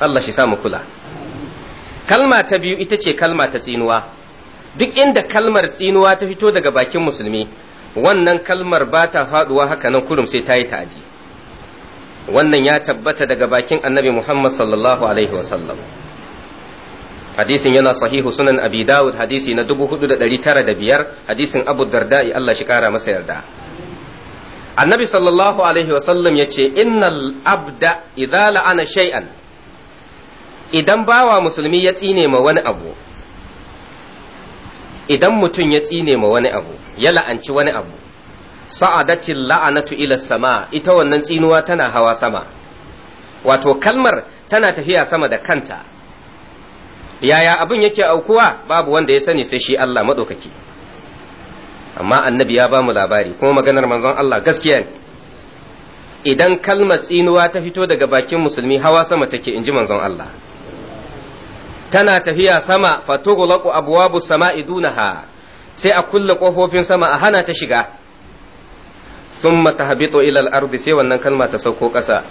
Allah shi mu kula kalma ta biyu ita ce kalma ta tsinuwa duk inda kalmar tsinuwa ta fito daga bakin musulmi wannan kalmar ba ta faduwa haka nan kurum sai ta yi ta'adi wannan ya tabbata daga bakin annabi Muhammad sallallahu alaihi wasallam hadisin yana sahihu sunan abi dawud hadisi na 4905 hadisin abu darda'i Allah shi kara masa yarda annabi sallallahu alaihi wasallam ya ce innal abda idza la'ana shay'an idan bawa musulmi ya tsine ma wani abu idan mutum ya tsine ma wani abu ya la'anci wani abu sa'adatil la'anatu ila sama ita wannan tsinuwa tana hawa sama wato kalmar tana tafiya sama da kanta yaya abin yake aukuwa babu wanda ya sani sai shi Allah maɗaukaki amma annabi ya ba mu labari kuma maganar manzon Allah gaskiya ne idan kalmar tsinuwa ta fito daga bakin musulmi hawa sama take in ji manzon Allah tana tafiya sama fatughlaqu abwabu sama'i dunaha sai a kulle kofofin sama a hana ta shiga thumma tahbitu ila al-ardi sai wannan kalma ta sauko ƙasa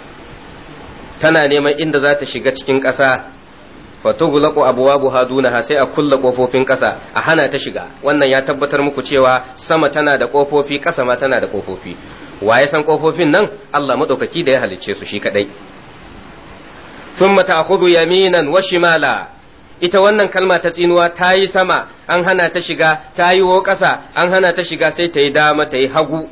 tana neman inda za ta shiga cikin ƙasa fa tughlaqu haduna ha sai a kulla kofofin ƙasa a hana ta shiga wannan ya tabbatar muku cewa sama tana da kofofi kasa ma tana da kofofi waye san kofofin nan Allah madaukaki da ya halicce su shi kadai thumma ta'khudhu yaminan wa shimala ita wannan kalma ta tsinuwa ta yi sama an hana ta shiga ta yi wo ƙasa an hana ta shiga sai ta yi dama ta yi hagu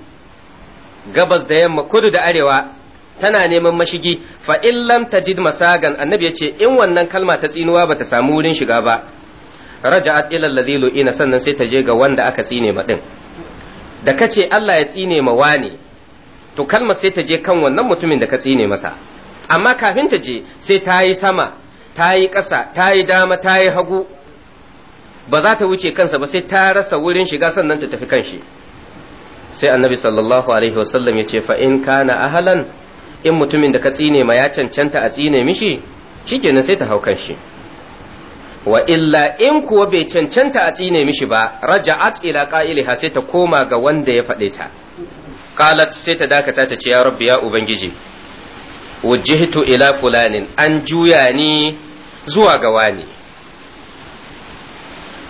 gabas da yamma kudu da arewa tana neman mashigi fa in lam tajid masagan annabi ya ce in wannan kalma ta tsinuwa bata samu wurin shiga ba raja'at ila alladhi lu'ina sannan sai ta je ga wanda aka tsine ma din da kace Allah ya tsine ma wani to kalmar sai ta je kan wannan mutumin da ka tsine masa amma kafin ta je sai ta yi sama ta yi ƙasa ta yi dama ta yi hagu ba za ta wuce kansa ba sai ta rasa wurin shiga sannan ta tafi kan shi sai annabi sallallahu alaihi wasallam ya ce fa in kana ahalan in mutumin da ka tsine ma ya cancanta a tsine mishi shikenan sai ta hau kan shi wa illa in kuwa bai cancanta a tsine mishi ba raja'at ila qa'iliha sai ta koma ga wanda ya faɗe ta qalat sai ta dakata ta ce ya rabbi ya ubangiji wujjihtu ila fulanin an juya ni zuwa ga wani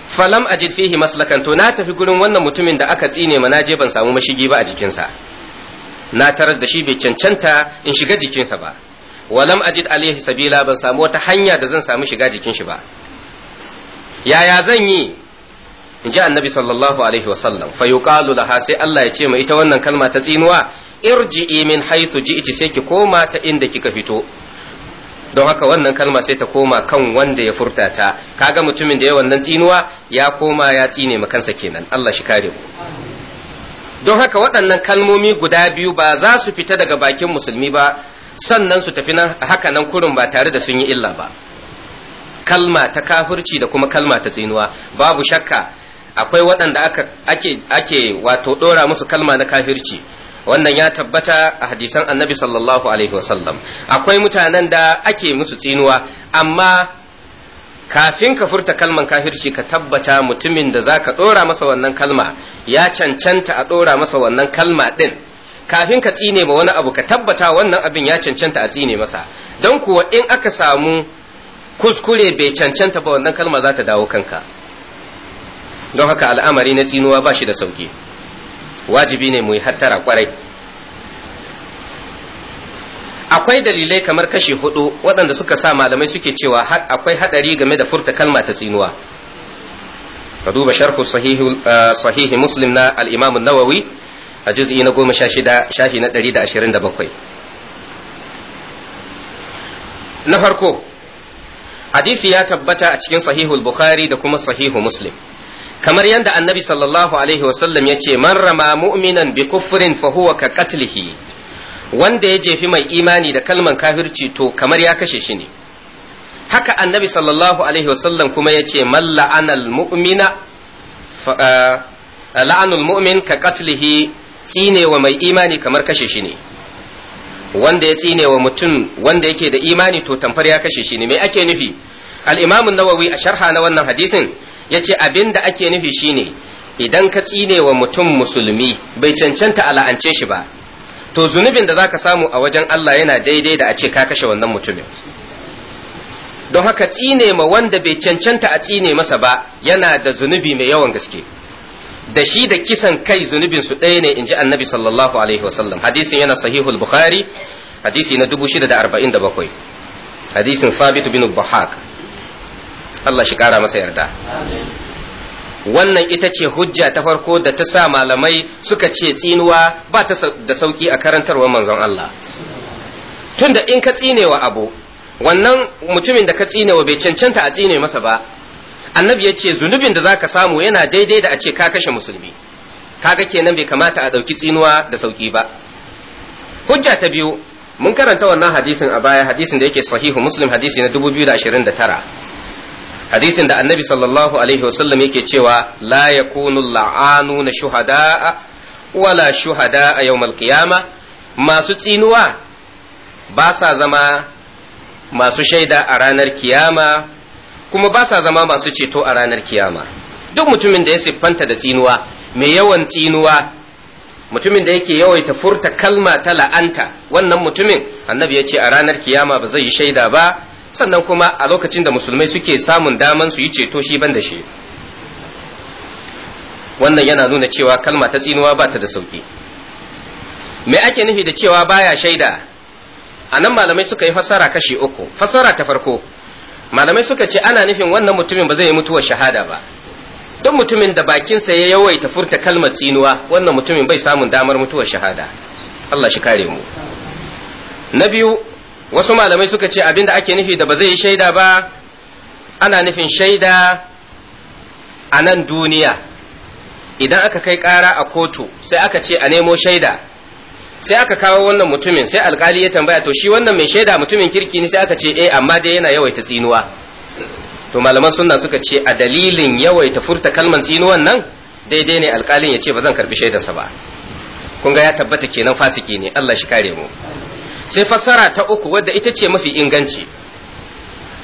falam ajid fihi maslakan to na tafi gurin wannan mutumin da aka tsine ma na je ban samu mashigi ba a jikinsa na taras da shi bai cancanta in shiga jikinsa ba walam ajid alaihi sabila ban samu wata hanya da zan samu shiga jikin shi ba yaya zan yi in annabi sallallahu alaihi wasallam fa yuqalu laha sai Allah ya ce mai ita wannan kalma ta tsinuwa irji'i min haythu ji'ti sai ki koma ta inda kika fito don haka wannan kalma sai ta koma kan wanda ya furta ta kaga mutumin da ya wannan tsinuwa ya koma ya tsine ma kansa kenan Allah shi kare mu don haka waɗannan kalmomi guda biyu ba za su fita daga bakin musulmi ba sannan su tafi haka nan kurin ba tare da sun yi illa ba kalma ta kafirci da kuma kalma ta tsinuwa babu shakka akwai waɗanda ake ake wato ɗora musu kalma na kafirci wannan ya tabbata a hadisan annabi sallallahu alaihi wasallam akwai mutanen da ake musu tsinuwa amma kafin ka furta kalman kafirci ka tabbata mutumin da za ka ɗora masa wannan kalma ya cancanta a ɗora masa wannan kalma ɗin kafin ka tsine ma wani abu ka tabbata wannan abin ya cancanta a tsine masa don kuwa in aka samu kuskure bai cancanta ba wannan kalma za ta dawo kanka don haka al'amari na tsinuwa ba shi da sauki wajibi ne mu yi hattara kwarai akwai dalilai kamar kashi hudu waɗanda suka sa malamai suke cewa akwai haɗari game da furta kalma ta tsinuwa ka duba sharhu eh, sahihi muslim na al'imamu nawawi a juz'i na goma sha shida shafi na ɗari da ashirin da bakwai na farko hadisi ya tabbata a cikin sahihul bukhari da kuma sahihu muslim kamar yadda annabi sallallahu alaihi wasallam ya ce man rama mu'minan bi kufrin fa ka katlihi wanda ya jefi mai imani da kalman kafirci to kamar ya kashe shi ne haka annabi sallallahu alaihi wasallam kuma ya ce man la'anal mu'mina eh, la'anul mu'min ka katlihi tsinewa mai imani kamar kashe shi ne wanda ya tsinewa mutum wanda yake da imani to tamfar ya kashe shi ne me ake nufi al-imam nawawi a sharha na wannan hadisin yace abin da ake nufi shine idan ka tsinewa mutum musulmi bai cancanta a la'ance shi ba to zunubin da za ka samu a wajen Allah yana daidai da a ce ka kashe wannan mutumin don haka tsine ma wanda bai cancanta a tsine masa ba yana da zunubi mai yawan gaske da shi da kisan kai zunubin su ɗaya ne inji annabi sallallahu alaihi wasallam hadisin yana sahihul bukhari hadisi na 647 hadisin Fabitu bin Bahak Allah shi kara masa yarda wannan ita ce hujja ta farko da ta sa malamai suka ce tsinuwa ba ta da sauki a karantarwa manzon Allah tunda in ka tsinewa abu wannan mutumin da ka tsinewa bai cancanta a tsine masa ba annabi ya ce zunubin da zaka samu yana daidai da a ce ka kashe musulmi kaga kenan bai kamata a ɗauki tsinuwa da sauki ba hujja ta biyu mun karanta wannan hadisin a baya hadisin da yake sahihu muslim hadisi na 2029 hadisin da annabi sallallahu alaihi wasallam yake cewa la yakunu la'anu na shuhada'a wala shuhada a yawmal qiyama masu tsinuwa ba sa zama masu shaida a ranar kiyama kuma ba sa zama masu ceto a ranar kiyama duk mutumin da ya siffanta da tsinuwa mai yawan tsinuwa mutumin da yake yawaita furta kalma ta la'anta wannan mutumin annabi ya ce a ranar kiyama ba zai yi shaida ba sannan kuma a lokacin da musulmai suke samun daman su yi ceto shi ban da shi wannan yana nuna cewa kalma ta tsinuwa ba ta da sauki me ake nufi da cewa baya shaida a nan malamai suka yi fasara kashi uku fasara ta farko malamai suka ce ana nufin wannan mutumin ba zai yi mutuwar shahada ba don mutumin da bakinsa ya yawaita furta kalmar tsinuwa wannan mutumin bai samun damar mutuwar shahada Allah shi kare mu na biyu wasu malamai suka ce abin da ake nufi da ba zai yi shaida ba ana nufin shaida a nan duniya idan aka kai kara a kotu sai aka ce a nemo shaida sai aka kawo wannan mutumin sai alkali ya tambaya to shi wannan mai shaida mutumin kirki ne sai aka ce eh amma dai yana yawaita tsinuwa to malaman sunna suka ce a dalilin yawaita furta kalman tsinuwan nan daidai ne alkalin ya ce ba zan karbi shaidansa ba kun ga ya tabbata kenan fasiki ne Allah shi kare mu sai fassara ta uku wadda ita ce mafi inganci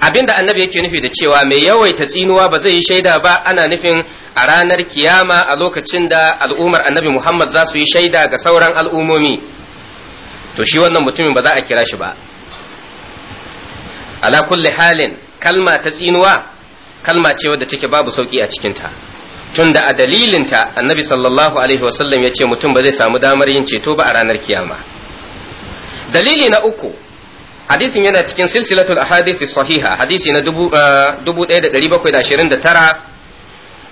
abinda annabi yake nufi da cewa mai yawaita tsinuwa ba zai yi shaida ba ana nufin a ranar kiyama a lokacin da al'ummar annabi muhammad za su yi shaida ga sauran al'ummomi to shi wannan mutumin ba za a kira shi ba ala kulli halin kalma ta tsinuwa kalma ce wadda take babu sauki a cikinta tunda a dalilinta annabi sallallahu alaihi wasallam ya ce mutum ba zai samu damar yin ceto ba a ranar kiyama dalili na uku hadisin yana cikin silsilatul ahadith sahiha hadisi na 1729 eh,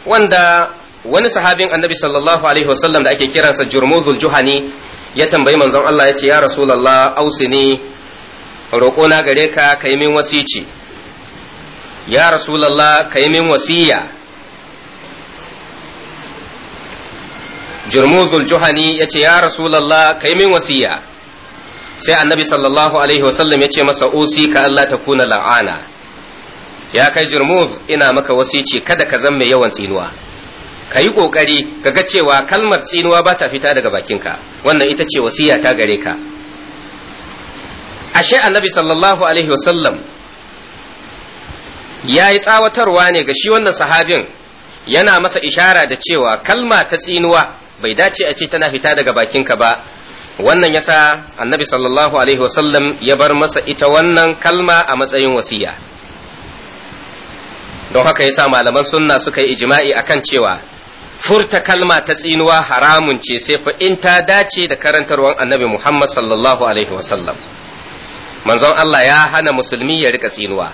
wanda wani sahabin annabi sallallahu alaihi wasallam da ake kiransa jurmuzul juhani ya tambayi manzon Allah ya ce ya rasulullah ausini roƙo na gare ka kai min wasici ya rasulullah kai min wasiya jurmuzul juhani ya ce ya rasulullah kai min wasiya sai annabi sallallahu alaihi wasallam ya ce masa usi ka Allah ta kuna la'ana ya kai jirmuf ina maka wasici kada ka zan mai yawan tsinuwa ka yi kokari ka ga cewa kalmar tsinuwa ba ta fita daga bakinka wannan ita ce wasiya ta gare ka ashe annabi sallallahu alaihi wasallam ya yi tsawatarwa ne ga shi wannan sahabin yana masa ishara da cewa kalma ta tsinuwa bai dace a ce tana fita daga bakinka ba wannan yasa annabi sallallahu alaihi wasallam ya bar masa ita wannan kalma a matsayin wasiya don haka yasa malaman sunna suka yi ijima'i akan cewa furta kalma ta tsinuwa haramun ce sai fa in ta dace da karantarwar annabi Muhammad sallallahu alaihi wasallam manzon Allah ya hana musulmi ya rika tsinuwa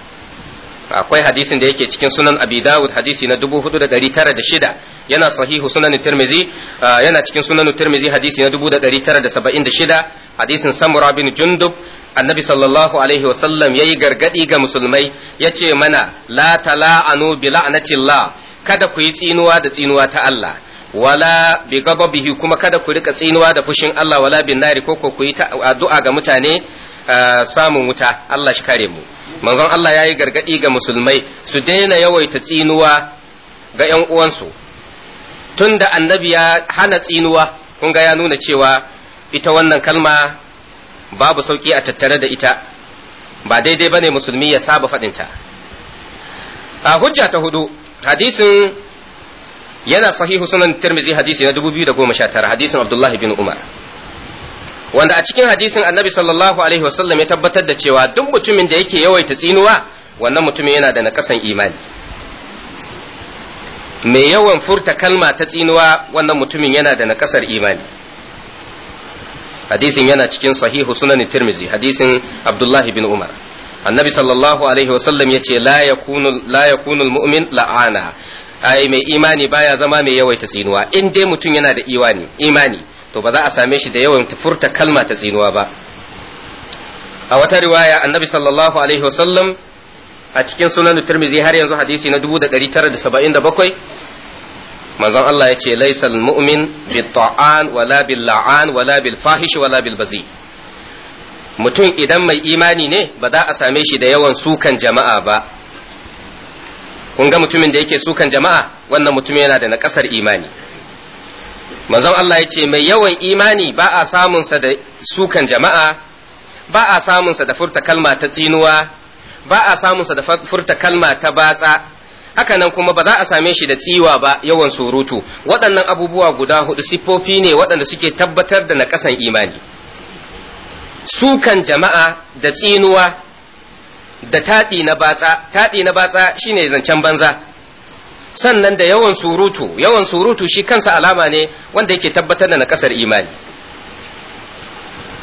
akwai hadisin da yake cikin sunan abi dawud hadisi na 4906 yana sahihu sunan tirmizi yana cikin sunan tirmizi hadisi na 1976 hadisin samura bin jundub annabi sallallahu alaihi wasallam yayi gargadi ga musulmai yace mana la tala'anu bi la'natillah kada ku yi tsinuwa da tsinuwa ta Allah wala bi gababihi kuma kada ku rika tsinuwa da fushin Allah wala bin nari ko ku yi addu'a ga mutane samun wuta Allah shi kare mu manzon Allah ya yi gargaɗi ga musulmai su daina yawaita tsinuwa ga ‘yan uwansu tun da annabi ya hana tsinuwa kun ga ya nuna cewa ita wannan kalma babu sauƙi a tattare da ita ba daidai ba ne musulmi ya saba faɗinta a hujja ta hudu hadisin yana sahihu sunan tirmizi hadisi na 2019 hadisin abdullahi bin umar wanda a cikin hadisin annabi sallallahu alaihi wasallam ya tabbatar da cewa duk mutumin da yake yawaita tsinuwa wannan mutumin yana da nakasan imani mai yawan furta kalma ta tsinuwa wannan mutumin yana da nakasar imani hadisin yana cikin sahihu sunan tirmizi hadisin abdullahi bin umar annabi sallallahu alaihi wasallam ya ce la yakunu mu'min la'ana ai mai imani baya zama mai yawaita tsinuwa in dai mutum yana da imani imani to ba za a same shi da yawan furta kalma ta tsinuwa ba a wata riwaya annabi sallallahu alaihi wasallam a cikin sunan turmizi har yanzu hadisi na 1977 manzon Allah ya ce laisal mu'min bi ta'an wala bil la'an wala bil fahish wala bil bazi mutum idan mai imani ne ba za a same shi da yawan sukan jama'a ba kun ga mutumin da yake sukan jama'a wannan mutumin yana da na kasar imani manzon Allah ya ce mai yawan imani ba a samunsa da sukan jama'a ba a samunsa da furta kalma ta tsinuwa ba a samunsa da furta kalma ta batsa hakanan kuma ba za a same shi da tsiwa ba yawan surutu waɗannan abubuwa guda hudu siffofi ne waɗanda suke tabbatar da naƙasan imani sukan jama'a da tsinuwa da taɗi na batsa taɗi na batsa shine zancen banza sannan da yawan surutu yawan surutu shi kansa alama ne wanda yake tabbatar da nakasar imani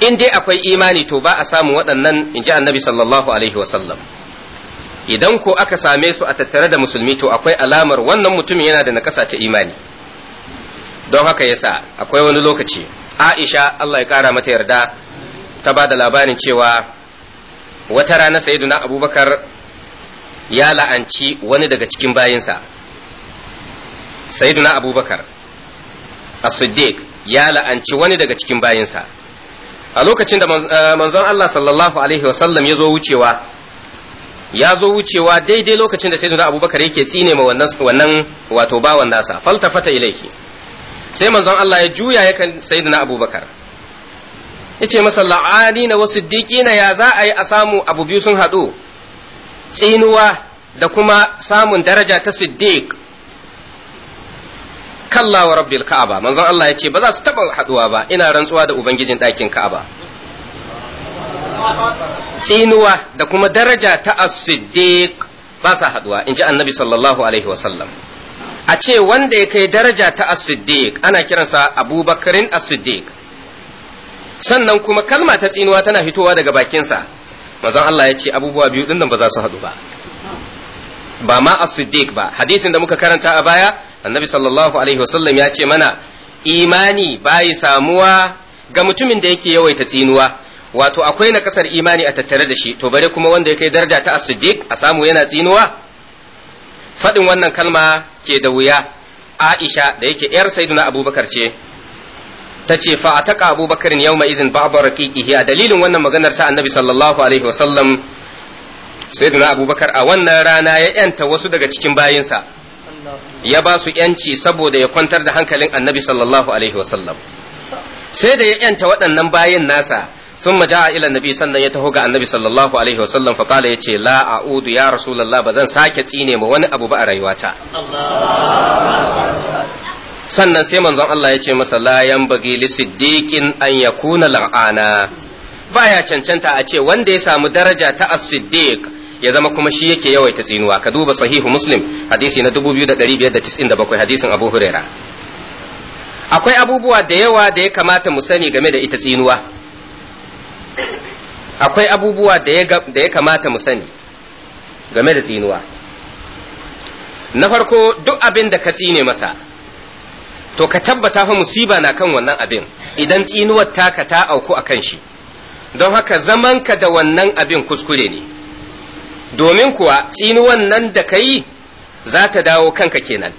in dai akwai imani to ba a samu waɗannan in ji annabi sallallahu alaihi wasallam idan ko aka same su a tattare da musulmi to akwai alamar wannan mutumin yana da nakasa ta imani don haka yasa akwai wani lokaci aisha allah ya kara mata yarda ta ba da labarin cewa wata rana sayyiduna abubakar ya la'anci wani daga cikin bayinsa sayyiduna abubakar as-siddiq ya la'anci wani daga cikin bayinsa a lokacin da eh, manzon Allah sallallahu alaihi wasallam ya zo wucewa ya zo wucewa daidai lokacin da sayyidina abubakar yake tsine ma wannan wannan wato bawan nasa faltafata ilaiki sai manzon Allah ya juya ya kan sayyidina abubakar yace masa la'ani na wasu diƙina ya za a yi a samu abu biyu sun hadu? tsinuwa da kuma samun daraja ta siddiq kalla wa rabbil ka'aba manzon Allah ya ce ba za su taba haduwa ba ina rantsuwa da ubangijin ɗakin ka'aba tsinuwa da kuma daraja ta as-siddiq ba sa haduwa inji annabi sallallahu alaihi wasallam a ce wanda ya kai daraja ta as-siddiq ana kiransa abubakarin as-siddiq sannan kuma kalma ta tsinuwa tana fitowa daga bakinsa manzon Allah ya ce abubuwa biyu din nan ba za su haɗu ba ba ma as-siddiq ba hadisin da muka karanta a baya annabi sallallahu alaihi wasallam ya ce mana imani bayi samuwa ga mutumin da yake yawaita tsinuwa wato akwai na kasar imani a tattare da shi to bare kuma wanda ya kai daraja ta as-siddiq a samu yana tsinuwa faɗin wannan kalma ke da wuya aisha da yake yar sayyiduna abubakar ce ta ce fa ataka abubakar yawma izin ba'da raqiqihi a dalilin wannan maganar ta annabi sallallahu alaihi wasallam sayyiduna abubakar a wannan rana ya yanta wasu daga cikin bayinsa ya ba su ‘yanci saboda ya kwantar da hankalin annabi sallallahu alaihi wasallam sai da ya ‘yanta waɗannan bayan nasa sun maja a ilan nabi sannan ya taho ga annabi sallallahu alaihi wasallam faƙala ya ce la a udu ya rasulallah ba zan sake tsine ma wani abu ba a rayuwata sannan sai manzon Allah ya ce masa la yanbaghi li siddiqin an yakuna la'ana baya cancanta a ce wanda ya samu daraja ta as-siddiq ya zama kuma shi yake yawaita tsinuwa ka duba sahihu muslim hadisi na 2597 hadisin abu huraira akwai abubuwa da yawa da ya kamata mu sani game da ita tsinuwa akwai abubuwa da ya kamata mu sani game da tsinuwa na farko duk abin da ka tsine masa to ka tabbata fa musiba na kan wannan abin idan tsinuwar taka ta auku a kan shi don haka zamanka da wannan abin kuskure ne domin kuwa tsinuwan nan da ka yi za ta dawo kanka kenan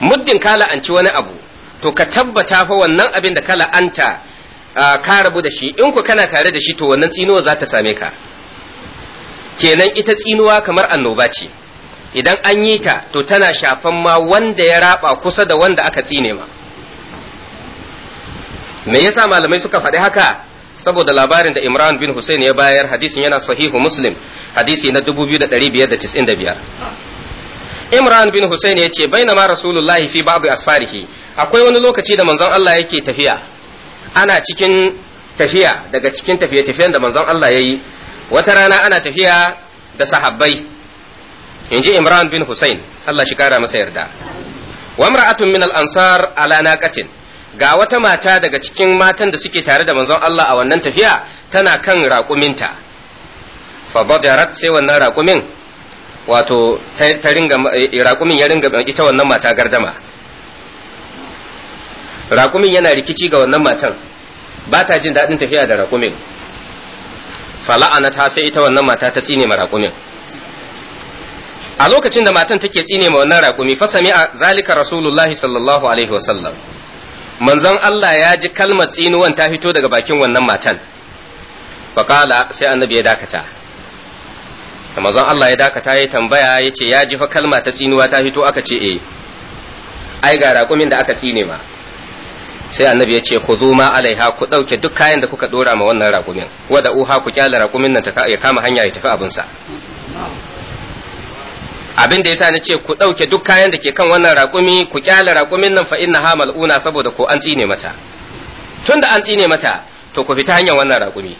muddin ka la'anci wani abu to ka tabbata fa wannan abin da ka la'anta ka rabu da shi in ku kana tare da shi to wannan tsinuwa za ta same ka kenan ita tsinuwa kamar annoba ce idan an yi ta to tana shafan ma wanda ya raba kusa da wanda aka tsine ma me yasa malamai suka faɗi haka saboda labarin da Imran bin Hussein ya bayar hadisin yana sahihu Muslim hadisi na 2595 Imran bin Hussein ya ce bainama Rasulullahi fi babu asfarihi akwai wani lokaci da manzon Allah yake tafiya ana cikin tafiya daga cikin tafiye-tafiyen da manzon Allah ya yi wata rana ana tafiya da sahabbai in ji Imran bin Hussein Allah shi kara masa yarda wa imra'atun min al-ansar ala naqatin ga wata mata daga cikin matan da suke tare da manzon Allah a wannan tafiya tana kan raƙuminta fabajarat sai wannan raƙumin wato ta ringa eh, raƙumin ya ringa eh, ita wannan mata gardama raƙumin yana rikici ga wannan matan ba ta jin daɗin tafiya da raƙumin fala'ana ta sai ita wannan mata ta tsine ma raƙumin a lokacin da matan take tsine ma wannan raƙumi fa sami'a zalika rasulullahi sallallahu alaihi wasallam manzon Allah ya ji kalmar tsinuwan ta fito daga bakin wannan matan faƙala sai annabi ya dakata manzon Allah ya dakata ya tambaya ya ce ya ji fa kalma ta tsinuwa ta fito aka ce eh ai ga raƙumin da aka tsine ma sai annabi ya ce khudhu ma alaiha ku dauke duk kayan da kuka dora ma wannan raƙumin wada uha ku kyale raƙumin nan ya kama hanya ya tafi sa. abin da yasa na ce ku ɗauke duk kayan da ke kan wannan raƙumi ku kyale raƙumin nan fa inna ha mal'una saboda ko an tsine mata tunda an tsine mata to ku fita hanyar wannan raƙumi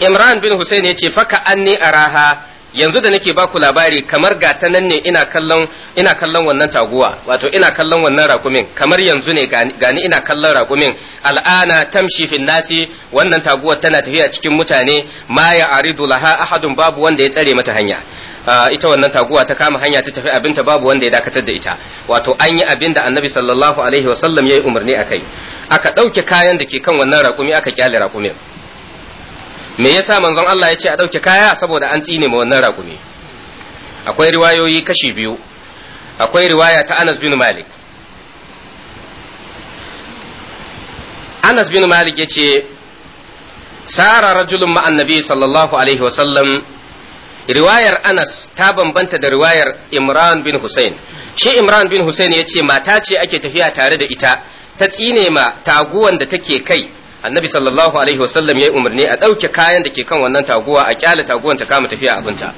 imran bin husain ya ce faka anni araha yanzu da nake baku labari kamar ga ta nan ne ina kallon ina kallon wannan taguwa wato ina kallon wannan rakumin kamar yanzu ne gani ina kallon rakumin al'ana tamshi fil nasi wannan taguwar tana tafiya cikin mutane ma ya aridu laha ahadun babu wanda ya tsare mata hanya ita wannan taguwa ta kama hanya ta tafi abinta babu wanda ya dakatar da ita wato an yi abin da annabi sallallahu alaihi wasallam ya yi umarni a kai aka ɗauke kayan da ke kan wannan raƙumi aka kyale raƙumin me yasa manzon Allah ya ce a ɗauke kaya saboda an tsine ma wannan raƙumi akwai riwayoyi kashi biyu akwai riwaya ta Anas bin Malik Anas bin Malik ya ce sara rajulun ma'an annabi sallallahu alaihi wasallam riwayar anas ta bambanta da riwayar imran bin hussein shi imran bin hussein ya ce mata ce ake tafiya tare da ita ta tsine ma taguwan da take kai annabi sallallahu alaihi wasallam ya yi umarni a ɗauke kayan da ke kan wannan taguwa a kyale taguwan ta kama tafiya abinta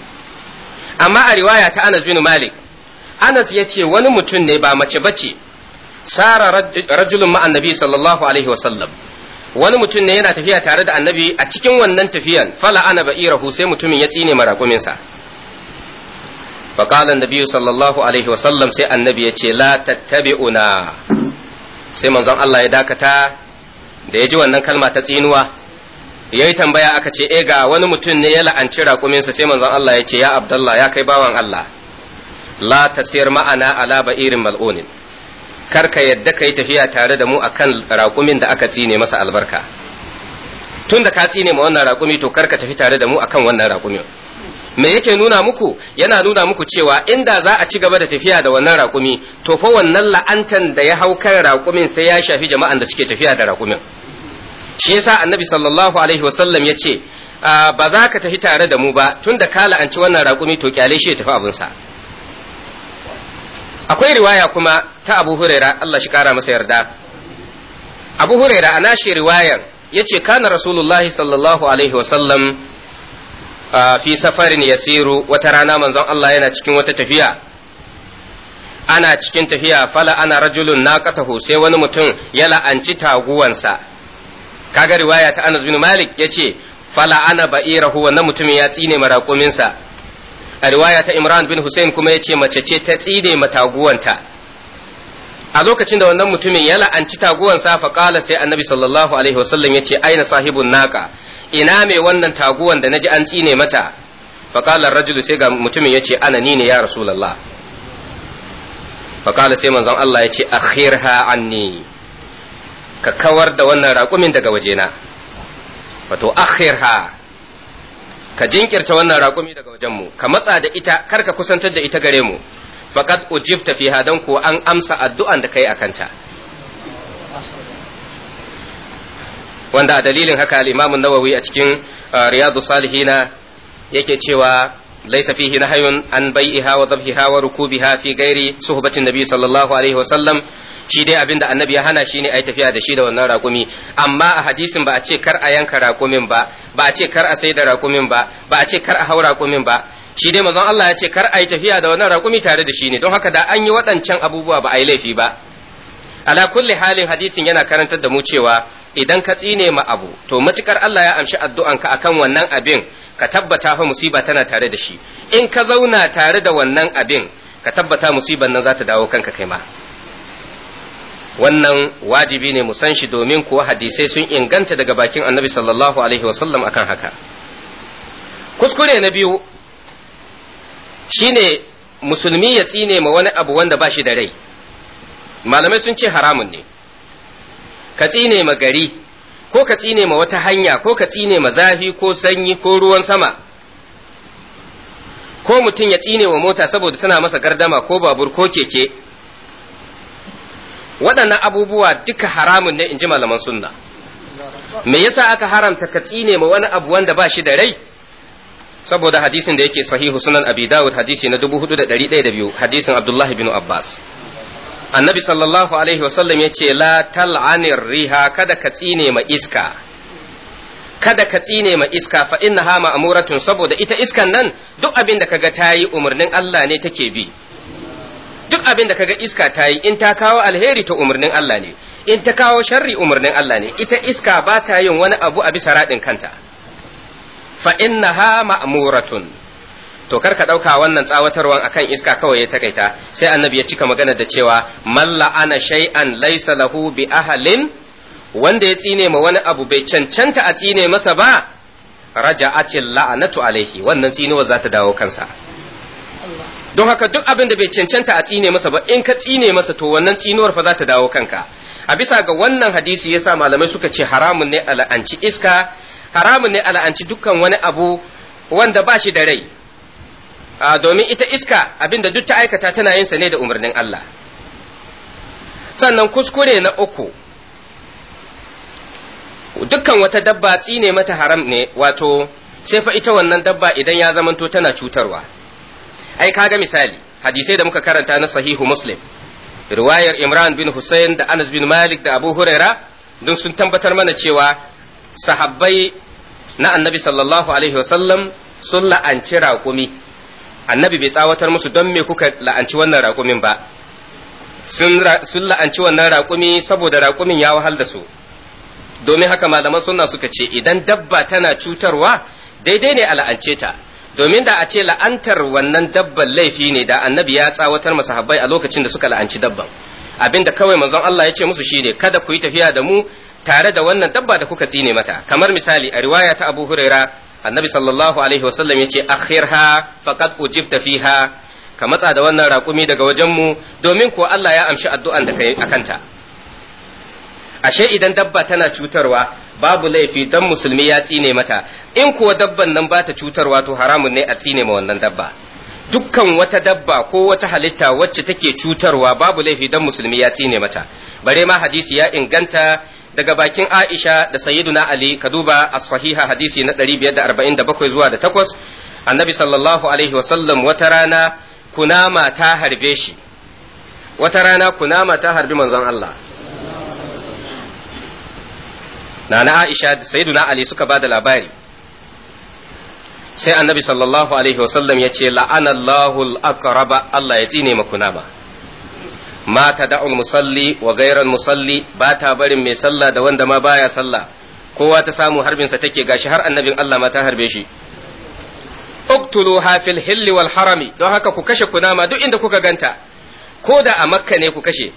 amma a riwaya ta anas bin malik anas ya ce wani mutum ne ba mace bace sara rajulun ma'an sallallahu alaihi wasallam wani mutum ne yana tafiya tare da annabi a cikin wannan tafiyan fala ana ba'irahu sai mutumin ya tsine maraƙuminsa faƙalan da biyu sallallahu alaihi wasallam sai annabi ya ce la tattabi'una sai manzon Allah ya dakata da ya ji wannan kalma ta tsinuwa ya yi tambaya aka ce e ga wani mutum ne ya la'anci raƙuminsa sai manzon Allah ya ce ya abdallah ya kai bawan Allah la tasir ma'ana ala ba'irin mal'unin kar ka yadda ka yi tafiya tare da mu akan raƙumin da aka tsine masa albarka tun da ka tsine ma wannan raƙumi to kar tafi tare da mu akan wannan raƙumin me yake nuna muku yana nuna muku cewa inda za a ci gaba da tafiya da wannan raƙumi to fa wannan la'antan da ya hau kan raƙumin sai ya shafi jama'an da suke tafiya da raƙumin shi yasa annabi sallallahu alaihi wasallam ya ce ah, ba za ka tafi tare da mu ba tun da ka la'anci wannan raƙumi to kyale shi ya tafi abinsa akwai riwaya kuma ta abu huraira Allah shi kara masa yarda abu huraira a nashi riwayan ya ce kana rasulullahi sallallahu alaihi wasallam fi safarin yasiru wata rana manzon Allah yana cikin wata tafiya ana cikin tafiya fala ana rajulun naqatahu sai wani mutum ya la'anci taguwansa kaga riwaya ta Anas bin Malik yace fala ana ba'irahu wannan mutumin ya tsine maraƙuminsa a riwaya ta imran bin hussein kuma ya ce mace ce ta tsine mataguwanta a lokacin da wannan mutumin ya la'anci taguwan fa kala sai annabi sallallahu alaihi wasallam ya ce aina sahibun naka ina mai wannan taguwan da na naji an tsine mata fa kala rajulu sai ga mutumin ya ce ana ni ne ya rasulullah fa kala sai manzon Allah ya ce akhirha anni ka kawar da wannan raƙumin daga wajena wato akhirha ka jinkirta wannan raƙumi daga wajen mu ka matsa da ita kar ka kusantar da ita gare mu faqad ujibta fiha dan ko an amsa addu'an da kai akanta wanda a dalilin haka al-Imam nawawi a cikin uh, Riyadu Salihina yake cewa laysa fihi nahyun an bai'iha wa dhabhiha wa rukubiha fi ghairi suhbatin nabi sallallahu alaihi wa sallam shi dai abin da annabi ya hana shi ne a yi tafiya da shi da wannan raƙumi amma a hadisin ba a ce kar a yanka raƙumin ba ba a ce kar a sai da raƙumin ba ba a ce kar a hau raƙumin ba shi dai mazan Allah ya ce kar a yi tafiya da wannan raƙumi tare da shi ne don haka da an yi waɗancan abubuwa ba a yi laifi ba ala kulli halin hadisin yana karantar da mu cewa idan ka tsine ma abu to matukar Allah ya amshi addu'anka akan wannan abin ka tabbata fa musiba tana tare da shi in ka zauna tare da wannan abin ka tabbata musibar nan za ta dawo kanka kai ma wannan wajibi ne mu san shi domin kuwa hadisai sun inganta daga bakin annabi sallallahu alaihi wasallam akan haka kuskure na biyu shine musulmi ya tsine ma wani abu wanda ba shi da rai malamai sun ce haramun ne ka tsine ma gari ko ka tsine ma wata hanya ko ka tsine ma zafi ko sanyi ko ruwan sama ko mutum ya tsine wa mota saboda tana masa gardama ko babur ko keke waɗannan abubuwa duka haramun ne in ji malaman sunna me yasa aka haramta ka tsine ma wani abu wanda ba shi da rai saboda hadisin da yake sahihu sunan abi dawud hadisi na 4102 hadisin abdullahi bin abbas annabi sallallahu alaihi wasallam ya ce la tal'anir riha kada ka tsine ma iska kada ka tsine ma iska fa innaha amuratun saboda ita iskan nan duk abin da kaga tayi umarnin Allah ne take bi duk abin da kaga iska ta yi in ta kawo alheri ta umarnin Allah ne in ta kawo sharri umarnin Allah ne ita iska ba ta yin wani abu a bisa raɗin kanta fa innaha ma'muratun to kar ka ɗauka wannan tsawatarwan akan iska kawai ya takaita sai annabi ya cika magana da cewa malla ana shay'an laysa lahu bi ahalin wanda ya tsine ma wani abu bai cancanta a tsine masa ba raja'atil la'anatu alaihi wannan tsinuwar za ta dawo kansa don haka duk abin da bai cancanta a tsine masa ba in ka tsine masa to wannan tsinuwar fa za ta dawo kanka a bisa ga wannan hadisi yasa malamai suka ce haramun ne ala'anci iska haramun ne ala'anci dukkan wani abu wanda ba shi da rai domin ita iska abin da duk ta aikata tana yin sa ne da umarnin Allah sannan kuskure na uku dukkan wata dabba tsine mata haram ne wato sai fa ita wannan dabba idan ya zamanto tana cutarwa ai kaga misali hadisai da muka karanta na sahihu muslim riwayar imran bin hussein da anas bin malik da abu huraira don sun tabbatar mana cewa sahabbai na annabi sallallahu alaihi wasallam sun la'anci raƙumi annabi bai tsawatar musu don me kuka la'anci wannan raƙumin ba sun la'anci wannan raƙumi saboda raƙumin ya wahal da su domin haka malaman sunna suka ce idan dabba tana cutarwa daidai ne a la'ance ta domin da a ce la'antar wannan dabban laifi ne da annabi ya tsawatar masahabbai a lokacin da suka la'anci dabban abinda kawai manzon Allah ya ce musu shine kada ku yi tafiya da mu tare da wannan dabba da kuka tsine mata kamar misali a riwaya ta Abu Huraira annabi sallallahu alaihi wasallam ya ce akhirha faqad ujibta fiha ka matsa da wannan raƙumi daga wajen mu domin ko Allah ya amshi addu'an da kai akanta ashe idan dabba tana cutarwa babu laifi dan musulmi ya tsine mata in kuwa dabban nan ba ta cutarwa to haramun ne a tsine ma wannan dabba dukkan wata dabba ko wata halitta wacce take cutarwa babu laifi dan musulmi ya tsine mata bare ma hadisi ya inganta daga bakin Aisha da Sayyiduna Ali ka duba as-sahiha hadisi na 547 zuwa da 8 annabi sallallahu alaihi wasallam wata rana kunama ta harbe shi wata rana kunama ta harbi manzon Allah nana Aisha da Sayyiduna Ali suka ba da labari sai annabi sallallahu alaihi wasallam ya ce la'anallahu al-aqraba Allah ya tsine makuna ba ma ta da'ul musalli wa gairan musalli ba ta barin mai sallah da wanda ma baya sallah kowa ta samu harbin harbinsa take gashi har annabin Allah ma ta harbe shi uktulu hafil hilli wal harami don haka ku kashe kunama duk inda kuka ganta ko da a makka ne ku kashe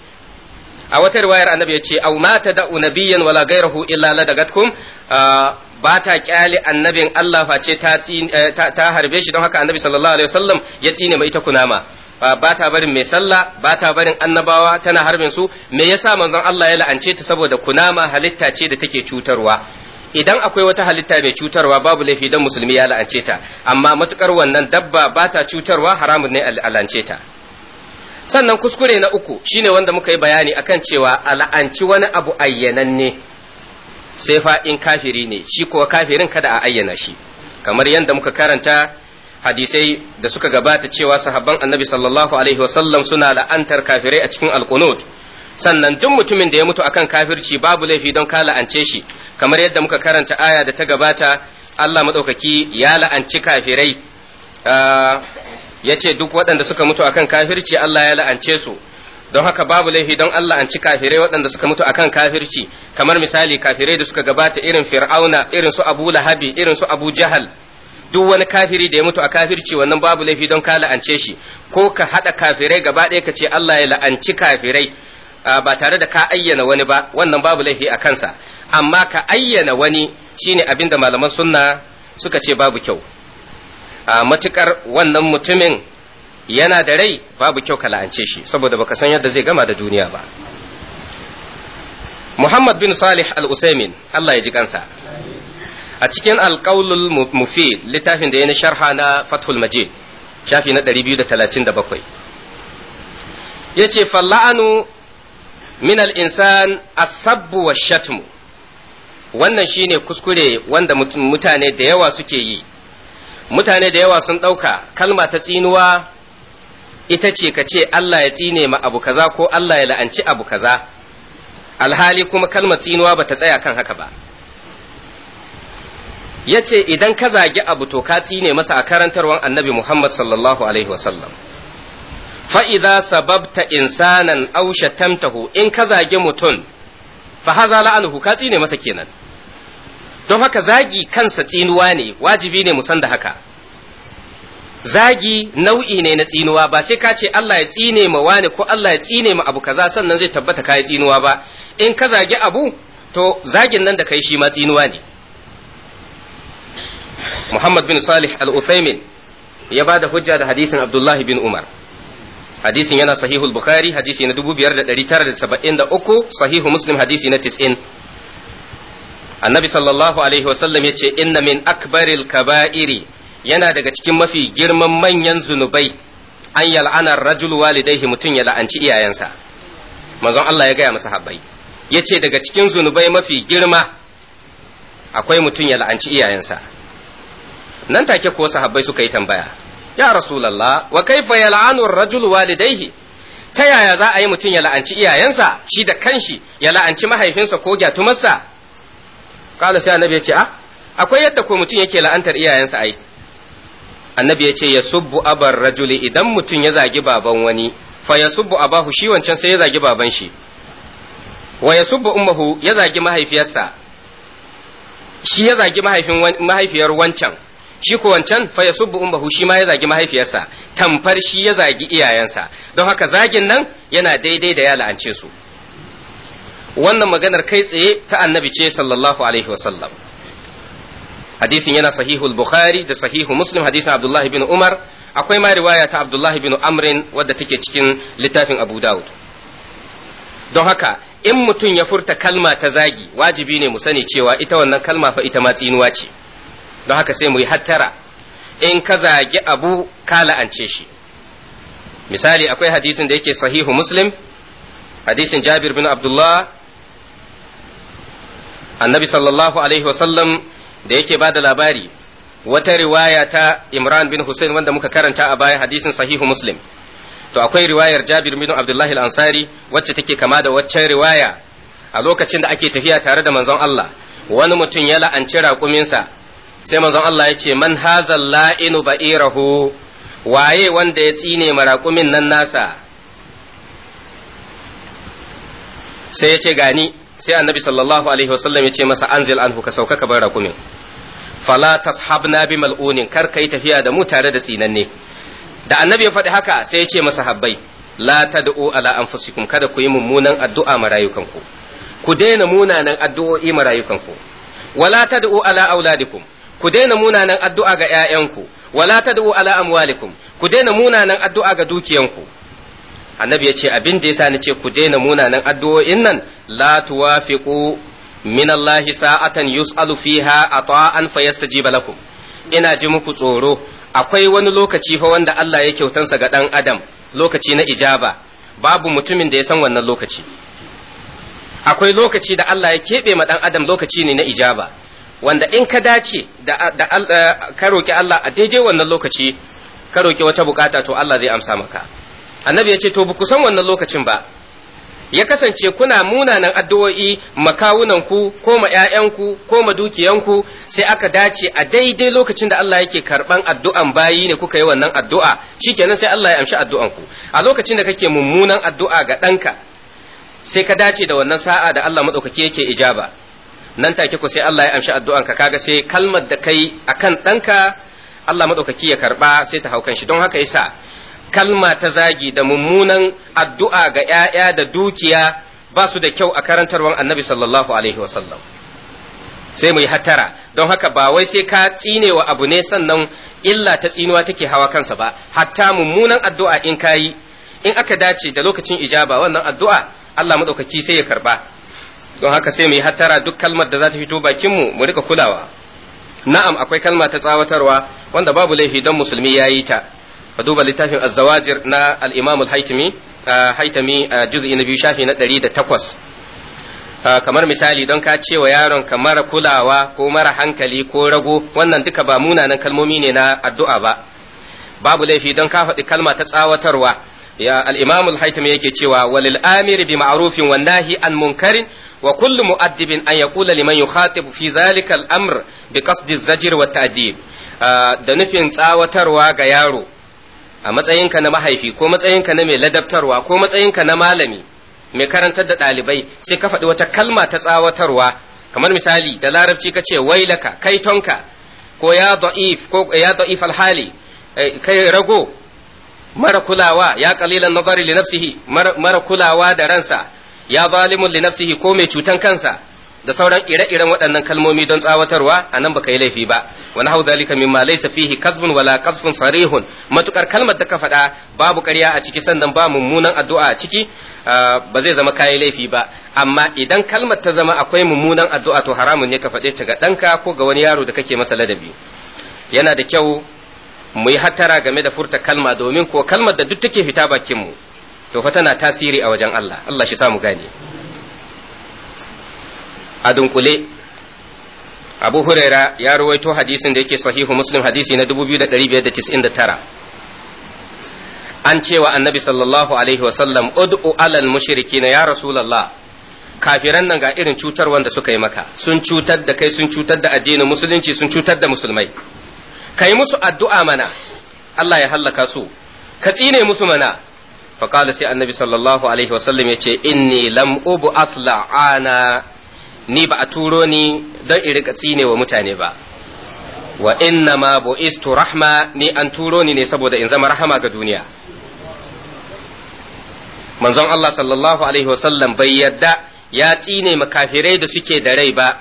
a wata riwayar annabi ya ce au mata da unabiyan wala gairahu illa ladagatkum ba ta kyale annabin Allah face eh, ta harbe shi don haka annabi sallallahu alaihi wasallam ya tsine mai ita kunama ba ta barin mai sallah ba ta barin annabawa tana harbin su me yasa manzon Allah ya la'ance ta saboda kunama halitta ce da take cutarwa idan akwai wata halitta mai cutarwa babu laifi don musulmi ya la'ance ta amma matukar wannan dabba ba ta cutarwa haramun ne a la'ance ta sannan kuskure na uku shine wanda muka yi bayani akan cewa al'anci wani abu ayyananne sai fa in kafiri ne shi kuwa kafirin kada a ayyana shi kamar yadda muka karanta hadisai da suka gabata cewa sahabban annabi sallallahu alaihi wasallam suna la'antar kafirai a cikin alkunut sannan duk mutumin da ya mutu akan kafirci babu laifi don ka la'ance shi kamar yadda muka karanta aya da ta gabata Allah maɗaukaki ya la'anci kafirai ah, ya ce duk waɗanda suka mutu akan kafirci Allah ya la'ance su don haka babu laifi don Allah an ci kafirai waɗanda suka mutu akan kafirci kamar misali kafirai da suka gabata irin fir'auna irin su abu lahabi irin su abu jahal duk wani kafiri da ya mutu a kafirci wannan babu laifi don ka la'ance shi ko ka haɗa kafirai gaba ɗaya ka ce Allah ya la'anci kafirai ba tare da ka ayyana wani ba wannan babu laifi a kansa amma ka ayyana wani shine abin da malaman sunna suka ce babu kyau a matukar wannan mutumin yana da rai babu kyau ka la'ance shi saboda baka san yadda zai gama da duniya ba Muhammad bin Salih al-Usaimin Allah ya ji kansa a cikin alƙaulul mufid littafin da ya sharha na Fathul Majid shafi na 237 yace falla'anu min al-insan as-sabbu wash-shatmu wannan shine kuskure wanda mutane da yawa suke yi mutane da yawa sun ɗauka kalma ta tsinuwa ita ce ka ce Allah ya tsine ma abu kaza ko Allah ya la'anci abu kaza alhali kuma kalma tsinuwa ba ta tsaya kan haka ba ya ce idan ka zagi abu to ka tsine masa a karantarwan annabi Muhammad sallallahu alaihi wasallam fa'iza sababta insanan aushe tamtahu in ka zagi mutum fa haza la'anuhu ka tsine masa kenan. don haka zagi kansa tsinuwa ne wajibi ne musan da haka zagi nau'i ne na tsinuwa ba sai ka ce Allah ya tsine ma wani ko Allah ya tsine ma abu kaza sannan zai tabbata ka tsinuwa ba in ka zagi abu to zagin nan da kai shi ma tsinuwa ne Muhammad bin Salih al-Uthaymin ya ba da hujja da hadisin Abdullahi bin Umar hadisin yana sahihul Bukhari hadisi na 5973 sahihu Muslim hadisi na 90 annabi sallallahu alaihi wasallam ya ce inna min akbaril kaba'iri yana daga cikin mafi girman manyan zunubai an yal'ana rajul walidaihi mutum ya la'anci iyayensa manzon Allah ya gaya masa habbai ya ce daga cikin zunubai mafi girma akwai mutum ya la'anci iyayensa nan take ko sahabbai suka yi tambaya ya rasulallah wa kaifa yal'anu rajul walidaihi ta yaya za a yi mutum ya la'anci iyayensa shi da kanshi ya la'anci mahaifinsa ko gyatumarsa kala sai annabi ya ce ah akwai yadda ko mutum yake la'antar iyayensa ai annabi ya ce ya subbu abar rajuli idan mutum ya zagi baban wani fa ya subbu abahu shi wancan sai ya zagi baban shi wa ya subbu ummuhu ya zagi mahaifiyarsa shi ya zagi mahaifiyar wancan shi ko wancan fa ya subbu ummuhu shi ma ya zagi mahaifiyarsa tamfar shi ya zagi iyayensa don haka zagin nan yana daidai da ya la'ance su wannan maganar kai tsaye ta annabi ce sallallahu alaihi wasallam hadisin yana sahihul bukhari da sahihu muslim hadisin abdullahi bin umar akwai ma riwaya ta abdullahi bin amrin wadda take cikin littafin abu da'ud. don haka in mutum ya furta kalma ta zagi wajibi ne mu sani cewa ita wannan kalma fa ita ma tsinuwa ce don haka sai mu yi hattara in ka zagi abu ka la'ance shi misali akwai hadisin da yake sahihu muslim hadisin jabir bin abdullah annabi sallallahu alaihi wasallam da yake ba da labari wata riwaya ta imran bin hussein wanda muka karanta a baya hadisin sahihu muslim to akwai riwayar jabir bin abdullahi al-ansari wacce take kama da waccan riwaya a lokacin da ake tafiya tare da manzon Allah wani mutum ya la'anci raƙuminsa sai manzon Allah ya ce man hazal la'inu ba'irahu waye wanda ya tsine ma raƙumin nan nasa sai ya ce gani sai annabi sallallahu alaihi wasallam ya ce masa anzil anhu ka sauka ka bar rakumin fala tashabna bi mal'unin kar kai tafiya da mu tare da tsinanne da annabi ya faɗi haka sai ya ce masa habbai la tad'u ala anfusikum kada ku yi mummunan addu'a ma ku daina munanan addu'o'i ma rayukanku wala tad'u ala auladikum ku daina munanan addu'a ga 'ya'yanku wala tad'u ala amwalikum ku daina munanan addu'a ga dukiyanku annabi ya ce abin da ya ni ce ku daina munanan addu'o'in nan la tuwafiqu min Allah sa'atan yus'alu fiha ata'an ji lakum ina ji muku tsoro akwai wani lokaci fa wanda Allah ya kyautansa ga dan adam lokaci na ijaba babu mutumin da ya san wannan lokaci akwai lokaci da Allah ya keɓe ma dan adam lokaci ne na ijaba wanda in ka dace da, eh, ka roki Allah a daidai wannan lokaci ka roki wata bukata to Allah zai amsa maka annabi ya ce to ku san wannan lokacin ba ya kasance kuna munanan addu'o'i makawunanku ko ma 'ya'yanku ko ma dukiyanku sai aka dace a daidai lokacin da Allah yake karban addu'an bayi ne kuka yi wannan addu'a shikenan sai Allah ya amshi addu'anku a lokacin da kake mummunan addu'a ga ɗanka sai ka dace da wannan sa'a da Allah maɗaukaki yake ijaba nan take ku sai Allah ya amshi addu'anka kaga sai kalmar da kai akan ɗanka Allah maɗaukaki ya karɓa sai ta haukan shi don haka yasa kalma ta zagi da mummunan addu'a ga ‘ya'ya da dukiya ba su da kyau a karantarwar annabi sallallahu alaihi wasallam sai mu yi hatara don haka ba wai sai ka tsinewa abu ne sannan illa ta tsinuwa take hawa kansa ba hatta mummunan addu'a in ka yi in aka dace da lokacin ijaba wannan addu'a Allah maɗaukaki sai ya karba don haka sai mu yi hattara duk kalmar da za ta fito bakinmu mu rika kulawa na'am akwai kalma ta tsawatarwa wanda babu laifi don musulmi ya yi ta ka duba littafin az na al haitami juz'i na biyu shafi na takwas. kamar misali don ka ce wa yaron ka mara kulawa ko mara hankali ko rago wannan duka ba munanan kalmomi ne na addu'a ba babu laifi don ka faɗi kalma ta tsawatarwa ya al haitami yake cewa walil amiri bi ma'rufin wa nahi an munkarin wa kullu mu'addibin an yaqula liman yukhatibu fi zalika al-amr bi qasdi az wa ta'dib da nufin tsawatarwa ga yaro a matsayinka na mahaifi ko matsayinka na mai ladabtarwa ko matsayinka na malami mai karantar da ɗalibai sai ka faɗi wata kalma ta tsawatarwa kamar misali da larabci ka ce wai wailaka kai tonka ko ya da'if ko ya da'if alhali eh, kai rago mara kulawa ya qalilan nazari li nafsihi mara kulawa da ransa ya zalimun li nafsihi ko mai cutan kansa da sauran ire-iren waɗannan kalmomi don tsawatarwa a nan baka yi laifi ba wani hau zalika ma laisa fihi kasbun wala kasbun sarihun matukar kalmar da ka faɗa babu ƙarya a ciki sannan ba mummunan addu'a a ciki ah, ba zai zama kayi laifi ba amma idan kalmar ta zama akwai mummunan addu'a to haramun ne ka faɗe ta ga ɗanka ko ga wani yaro da kake masa ladabi yana da kyau mu yi hattara game da furta kalma domin ko kalmar da duk take fita bakinmu, to fa tana tasiri a wajen Allah Allah shi samu mu gane a dunkule abu huraira ya ruwaito hadisin da yake sahihu muslim hadisi na 2599 an cewa annabi sallallahu alaihi wasallam ud'u alal mushriki na ya rasulallah kafiran nan ga irin cutar wanda suka yi maka sun cutar da kai sun cutar da addinin musulunci sun cutar da musulmai kai musu addu'a mana Allah ya hallaka su ka tsine musu mana faqala sai annabi sallallahu alaihi wasallam yace inni lam ubu asla'ana ni ba a turo ni don in rika tsine wa mutane ba wa inna ma bu'istu rahma ni an turo ni ne saboda in zama rahama ga duniya manzon Allah sallallahu alaihi wasallam bai yadda ya tsine makafirai da suke da rai ba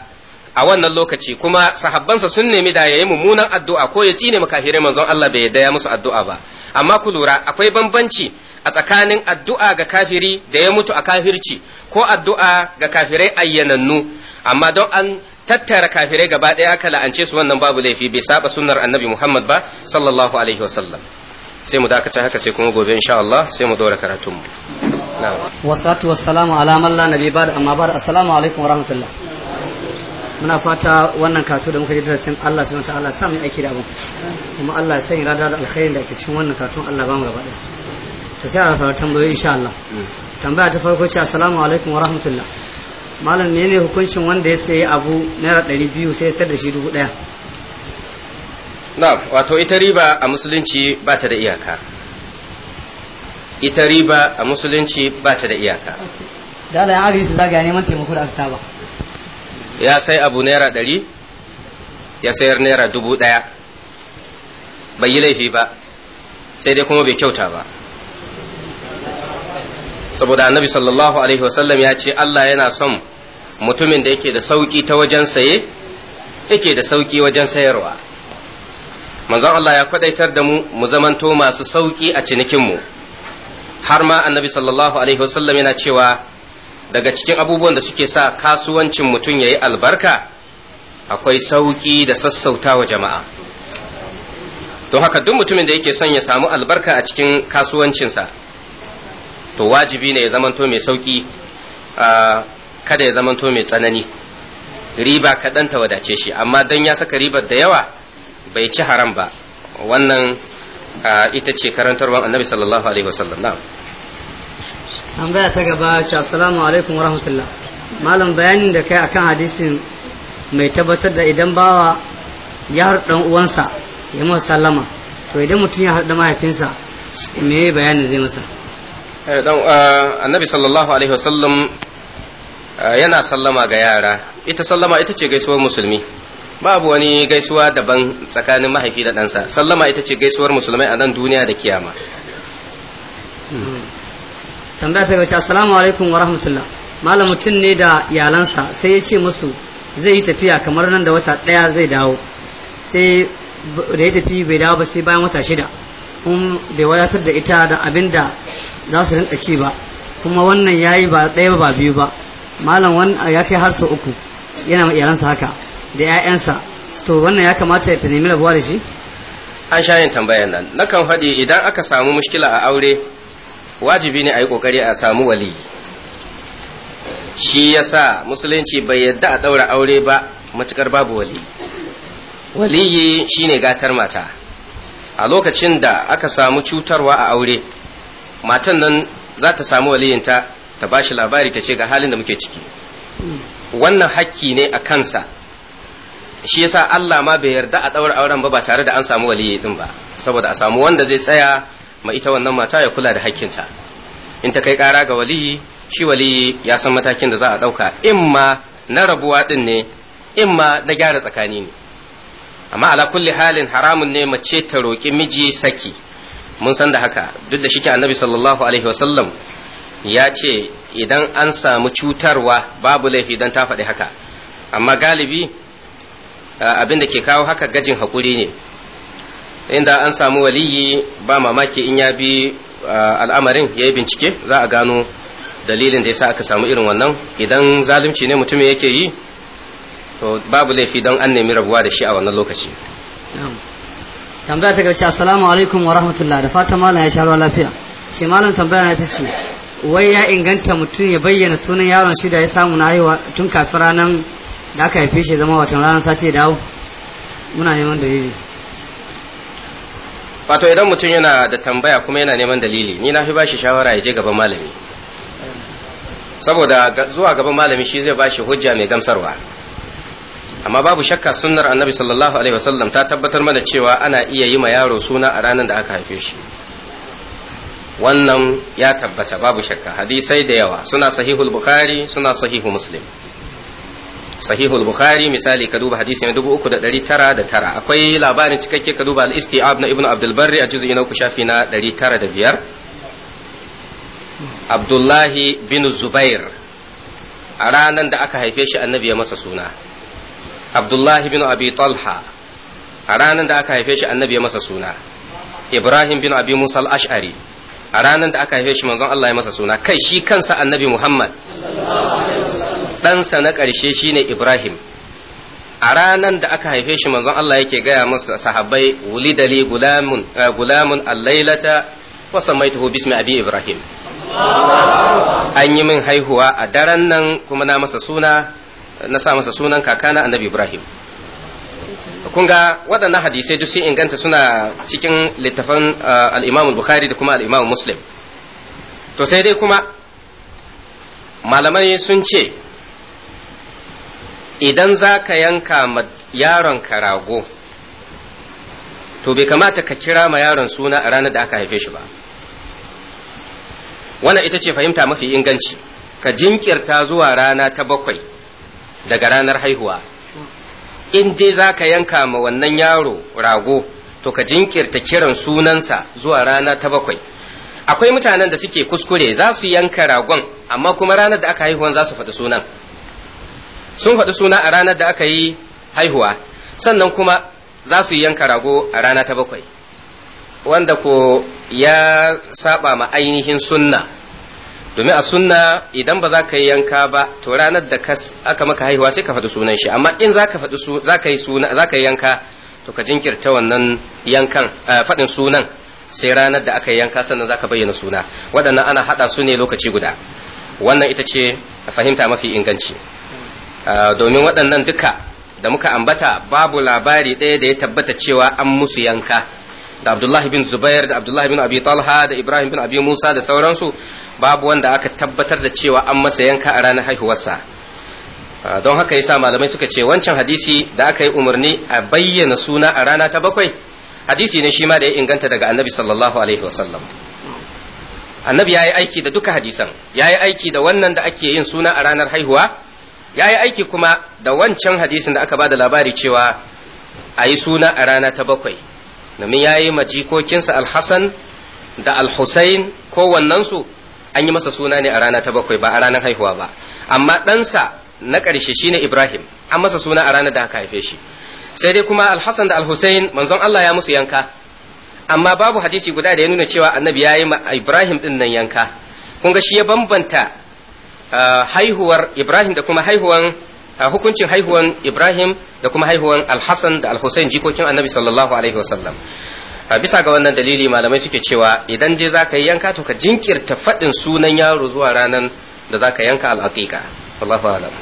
a wannan lokaci kuma sahabbansa sun nemi da yayi mummunan addu'a ko ya tsine makafirai manzon Allah bai yadda ya musu addu'a ba amma ku lura akwai bambanci a tsakanin addu'a ga kafiri da ya mutu a kafirci ko addu'a ga kafirai ayyanannu amma don an tattara kafirai gaba ɗaya aka la'ance su wannan babu laifi bai saba sunnar annabi Muhammad ba sallallahu alaihi wasallam sai mu dakata haka sai kuma gobe insha Allah sai mu dora karatunmu. Wasatu wassalamu ala man la nabi ba da amma ba da assalamu alaikum wa rahmatullah. muna fata wannan kato da muka ji sun Allah subhanahu wataala sa mu aiki da abin kuma Allah ya sanya rada da alkhairin da ke cikin wannan kato Allah ba mu gaba ɗaya to sai a fara tambayoyi insha Allah tambaya ta farko ce assalamu alaikum wa rahmatullah malam ne ne hukuncin wanda ya sayi abu naira ɗari biyu sai ya sayar da shi dubu ɗaya na wato ita riba a musulunci ba ta da iyaka ita riba a musulunci ba ta da iyaka da ya su zagaya neman taimako da aka saba ya sai abu naira ɗari ya sayar naira dubu ɗaya bai yi laifi ba sai dai kuma bai kyauta ba saboda annabi sallallahu alaihi wasallam ya ce Allah yana son mutumin da yake da sauki ta wajen saye yake da sauki wajen sayarwa manzon Allah ya kwadaitar da mu mu zamanto masu sauki a cinikinmu har ma annabi sallallahu alaihi wasallam yana cewa daga cikin abubuwan da suke sa kasuwancin mutum ya yi albarka akwai sauƙi da sassauta wa jama'a to haka duk mutumin da yake son ya samu albarka a cikin kasuwancinsa to wajibi ne ya zamanto mai sauƙi kada ya zamanto mai tsanani riba kaɗan ta wadace shi amma don ya saka ribar da yawa bai ci haram ba wannan ita ce karantarwar annabi sallallahu alaihi wasallam na'am tambaya ta gaba ce assalamu alaikum warahmatullah malam bayanin da kai akan hadisin mai tabbatar da idan bawa ya har dan uwansa ya masa sallama to idan mutum ya har da mahaifinsa me bayanin zai masa eh, dan ah, annabi sallallahu alaihi wasallam ah, yana sallama ga yara ita sallama ita ce gaisuwar musulmi babu wani gaisuwa daban tsakanin mahaifi da ɗansa sallama ita ce gaisuwar musulmai a nan duniya da kiyama hmm. tambaya ta gaci assalamu alaikum wa rahmatullah malam mutum ne da iyalansa sai ya ce musu zai yi tafiya kamar nan da wata ɗaya zai dawo sai da ya tafi bai dawo ba sai bayan wata shida kuma bai wadatar da ita da abin da za su rinka ci ba kuma wannan ya yi ba ɗaya ba biyu ba malam wannan ya kai har sau uku yana ma iyalansa haka da 'ya'yansa to wannan ya kamata ta nemi rabuwa da shi an sha yin tambayan nan nakan faɗi idan aka samu mushkila a aure wajibi ne a yi kokari a samu wali shi yasa musulunci bai yadda a ɗaura aure ba matukar babu wali waliyi ne gatar mata a lokacin da aka samu cutarwa a aure matan nan za ta samu waliyinta ta bashi labari ta ce ga halin da muke ciki wannan hakki ne a kansa shi yasa Allah ma bai yarda a ɗaura auren ba ba tare da an samu waliyi din ba saboda a samu wanda zai tsaya ma ita wannan mata ya kula da hakkinta in ta kai kara ga waliyi shi waliyi ya san matakin da za a ɗauka in ma na rabuwa ɗin ne in ma na gyara tsakani ne amma ala kulli halin haramun ne mace ta roƙi miji saki mun san da haka duk da shike annabi sallallahu alaihi wasallam ya ce idan an samu cutarwa babu laifi don ta faɗi haka amma galibi abinda ke kawo haka gajin haƙuri ne inda an samu waliyi ba mamaki in ya bi al'amarin ya yi bincike za a gano dalilin da ya sa aka samu irin wannan idan zalunci ne mutum yake yi to babu laifi don an nemi rabuwa da shi a wannan lokaci tambaya ta gaci assalamu alaikum wa rahmatullah da fata malam ya sharuwa lafiya ce malam tambaya na ta ce wai ya inganta mutum ya bayyana sunan yaron shi da ya samu na haihuwa tun kafin ranar da aka haife shi zama watan ranar sati ya dawo muna neman dalili Fato idan mutum yana da tambaya kuma yana neman dalili ni na fi ba shi shawara ya je gaban malami saboda zuwa gaban malami shi zai ba shi hujja mai gamsarwa amma babu shakka sunnar annabi sallallahu alaihi wasallam ta tabbatar mana cewa ana iya yi ma yaro suna a ranar da aka haife shi wannan ya tabbata babu shakka hadisai da yawa suna sahihul bukhari suna sahihu muslim sahihul bukhari misali ka duba hadisi na 3909 akwai labarin cikakke ka duba al-isti'ab na ibnu abdul barri a juz'i na uku shafi na 905 abdullahi bin zubair a ranar da aka haife shi annabi ya masa suna abdullahi bin abi talha a ranar da aka haife shi annabi ya masa suna ibrahim bin abi musa al-ash'ari a ranar da aka haife shi manzon Allah ya masa suna kai shi kansa annabi muhammad ɗansa na ƙarshe shine Ibrahim a ranan da aka haife shi manzon Allah yake gaya masa sahabbai wulidali gulamun eh, gulamun allailata wa samaituhu bismi abi Ibrahim an yi min haihuwa a daren nan kuma na masa suna na sa masa sunan kakana annabi Ibrahim kun ga waɗannan hadisai duk sun inganta suna cikin littafan eh, al Bukhari da kuma al Muslim to sai dai kuma malamai sun ce idan za ka yanka ma ka rago to bai kamata ka kira ma yaron suna a ranar da aka haife shi ba wannan ita ce fahimta mafi inganci ka jinkirta zuwa rana ta bakwai daga ranar haihuwa in dai za ka yanka ma wannan yaro rago to ka jinkirta kiran sunansa zuwa rana ta bakwai akwai mutanen da suke kuskure za su yanka ragon amma kuma ranar da aka haihuwan za su faɗi sunan sun faɗi suna a ranar da aka yi haihuwa sannan kuma za su yi yanka rago a rana ta bakwai wanda ko ya saba ma ainihin sunna domin a sunna idan ba za ka yi yanka ba to ranar da aka maka haihuwa sai ka faɗi sunan shi amma in za ka yi yanka to ka jinkirta wannan yankan faɗin sunan sai ranar da aka yi yanka sannan za ka bayyana suna waɗannan ana haɗa su ne lokaci guda wannan ita ce fahimta mafi inganci Ah, domin waɗannan duka da muka ambata babu labari ɗaya da ya tabbata cewa an musu yanka da abdullahi bin zubair da abdullahi bin abi talha da ibrahim bin abi musa da sauransu babu wanda aka tabbatar da cewa an masa yanka a ranar haihuwarsa ah, don haka yasa malamai suka ce wancan hadisi da aka yi umarni a bayyana suna a rana ta bakwai hadisi ne shi ma da ya inganta daga annabi sallallahu alaihi wasallam annabi ya yi aiki da duka hadisan ya yi aiki da wannan da ake yin suna a ranar haihuwa ya yi aiki kuma da wancan hadisin da aka ba da labari cewa a yi suna a rana ta bakwai domin ya yi majikokinsa alhassan da alhussain kowannensu an yi masa suna ne a rana ta bakwai ba a ranar haihuwa ba amma ɗansa na ƙarshe shine ibrahim an masa suna a ranar da aka haife shi sai dai kuma alhassan da alhussain manzon allah ya musu yanka amma babu hadisi guda da ya nuna cewa annabi ya yi ma ibrahim ɗin nan yanka kun ga shi ya bambanta haihuwar Ibrahim da kuma haihuwan hukuncin haihuwan Ibrahim da kuma haihuwan Al-Hassan da Al-Hussein jikokin Annabi sallallahu alaihi wasallam bisa ga wannan dalili malamai suke cewa idan dai zaka yi yanka to ka jinkirta faɗin sunan yaro zuwa ranan da zaka yanka al-aqiqa Allahu a'lam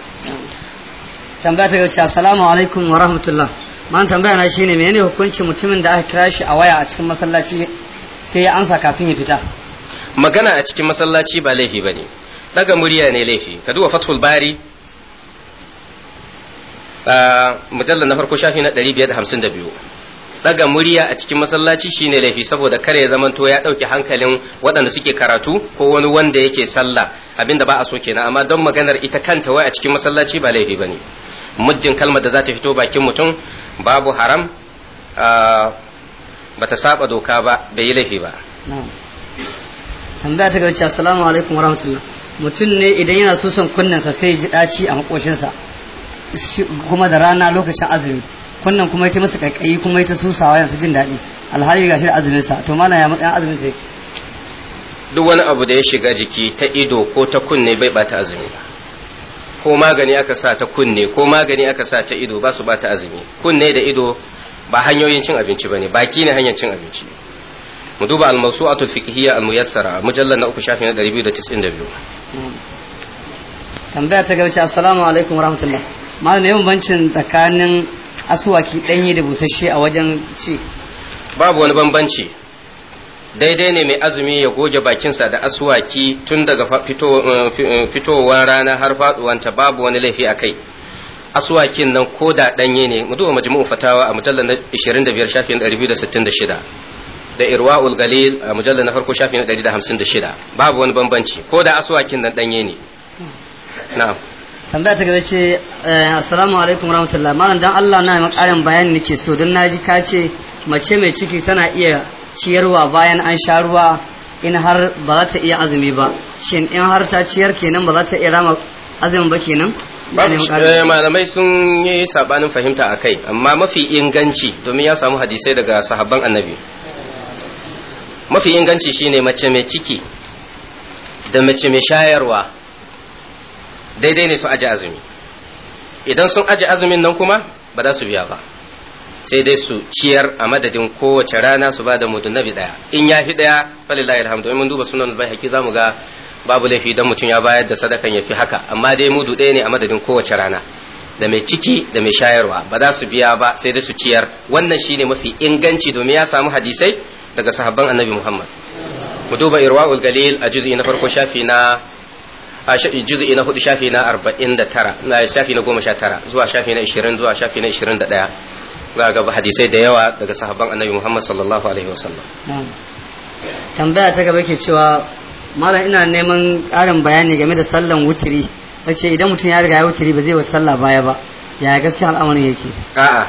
tambaya ta gaci assalamu alaikum wa rahmatullah man tambaya na shine menene hukuncin mutumin da aka kira shi a waya a cikin masallaci sai ya amsa kafin ya fita magana a cikin masallaci ba laifi bane daga murya ne laifi ka duba fathul bari mujallar na farko shafi na 552 daga murya a cikin masallaci shine laifi saboda kare ya zamanto ya dauki hankalin waɗanda suke karatu ko wani wanda yake sallah abinda ba a so kenan amma don maganar ita kanta wai a cikin masallaci ba laifi bane muddin kalmar da za ta fito bakin mutum babu haram ba ta saba doka ba bai yi laifi ba tambaya ta gaci assalamu alaikum warahmatullahi mutum ne idan yana so son kunnensa sai ya ji ɗaci a makoshinsa kuma da rana lokacin azumi kunnan kuma ita masa kaikayi kuma ita susawa yanzu jin daɗi alhali gashi da azumin sa to mana ya matsayin azumin sa yake duk wani abu da ya shiga jiki ta ido ko ta kunne bai bata azumi ko magani aka sa ta kunne ko magani aka sa ta ido ba su bata azumi kunne da ido ba hanyoyin cin abinci bane baki ne hanyar cin abinci mu duba al-mawsu'atul fiqhiyya al-muyassara mujallal na uku shafi na 292 tambaya ta gauce assalamu alaikum warahmatullah malam yayin bancin tsakanin asuwaki danye da busasshe a wajen ci babu wani bambanci daidai ne mai azumi ya goge bakinsa da asuwaki tun daga eh, eh, fitowar rana har faduwanta babu wani laifi a kai asuwakin nan ko da danye ne mu duba majmu'u fatawa a mujallal na 25 shafin 266 da irwa'ul galil a mujallar na farko shafi na 156 babu wani bambanci ko da asuwakin nan danye ne na'am tambaya ta gaza ce eh, assalamu alaikum warahmatullahi malam dan Allah na yi karin bayani nake so don naji ka ce mace mai ciki tana iya ciyarwa bayan an sha ruwa in har ba za ta iya azumi ba shin in har ta ciyar kenan ba za ta iya rama azumin ba kenan eh, malamai sun yi sabanin fahimta a kai amma mafi inganci domin ya samu hadisai daga sahabban annabi mafi inganci shine mace mai ciki da mace mai shayarwa daidai ne su aji azumi idan sun aji azumin nan kuma ba za su biya ba sai dai su ciyar a madadin kowace rana su ba da mudu nabi daya in ya fi daya falillahi alhamdu in mun duba sunan bai haki zamu ga babu laifi dan mutum ya bayar da sadakan ya fi haka amma dai mudu ɗaya ne a madadin kowace rana da mai ciki da mai shayarwa ba za su biya ba sai dai su ciyar wannan shine mafi inganci domin ya samu hadisai daga sahabban annabi Muhammad mu duba irwaul galil a juz'i na farko shafi na a juz'i na hudu shafi na 49 na shafi na 19 zuwa shafi na 20 zuwa shafi na 21 ga gaba hadisai da yawa daga sahabban annabi Muhammad sallallahu alaihi wasallam tambaya ta gaba ke cewa malam ina neman ƙarin bayani game da sallan wutiri ce idan mutum ya riga ya wutiri ba zai wa sallah baya ba ya gaskiya al'amarin yake a'a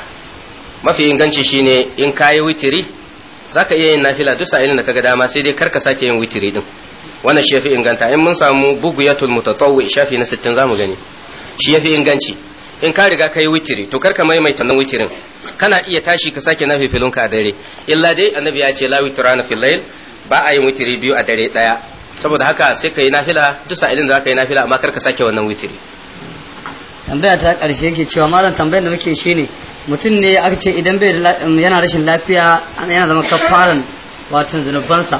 mafi inganci shine in kayi wutiri zaka iya yin nafila duk sa'ilin da kaga dama sai dai kar ka sake yin witiri din wannan shi yafi inganta in mun samu buguyatul mutatawwi shafi na 60 zamu gani shi yafi inganci in ka riga kai witiri to kar ka maimaita nan witirin kana iya tashi ka sake nafilin ka a dare illa dai annabi ya ce la witrana fil layl ba a yin witiri biyu a dare daya saboda haka sai ka yi nafila duk sa'ilin da zaka yi nafila amma ka sake wannan witiri tambaya ta karshe yake cewa malam tambayar da muke shine mutum ne aka ce idan bai um, yana rashin lafiya yana zama kafaran wato zunubansa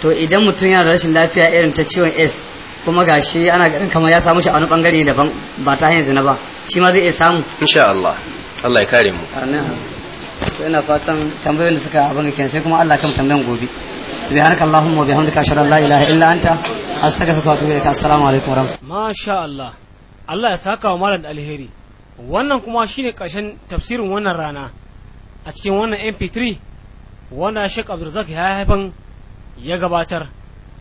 to idan mutum yana rashin lafiya irin ta ciwon s kuma gashi ana ganin kamar ya samu shi a wani bangare daban ba ta hanyar zina ba shi ma zai iya samu insha Allah Allah ya kare mu amin ina fatan tambayoyin da suka abin kenan sai kuma Allah kan tambayan gobe allahumma wa bihamdika ashhadu an la ilaha illa anta astaghfiruka wa atubu ilaik assalamu alaikum wa rahmatullahi ma sha Allah Allah ya saka wa malam alheri wannan kuma shine ƙarshen tafsirin wannan rana a cikin wannan mp3 wanda Sheik Abdulrazak ya haifan ya gabatar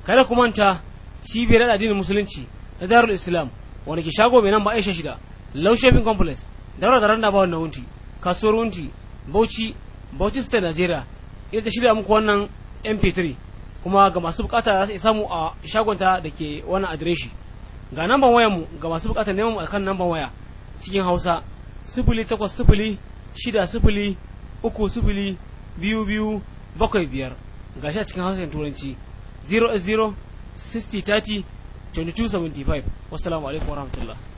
kada ku manta cibiyar addinin musulunci na Darul Islam wanda ke shago mai nan ba Aisha shida Low Shopping Complex daura da randa ba wannan wunti kasuwar wunti Bauchi Bauchi State Nigeria ita shirya muku wannan mp3 kuma ga masu bukata za su samu a shagonta da ke wannan adireshi ga namban wayanmu ga masu bukata neman akan namban waya cikin hausa sifili takwas sifili shida sifili uku sifili biyu biyu bakwai biyar ga shi cikin hausa turanci 0 0 60 30 22 75 wasu alaikum warahmatullahi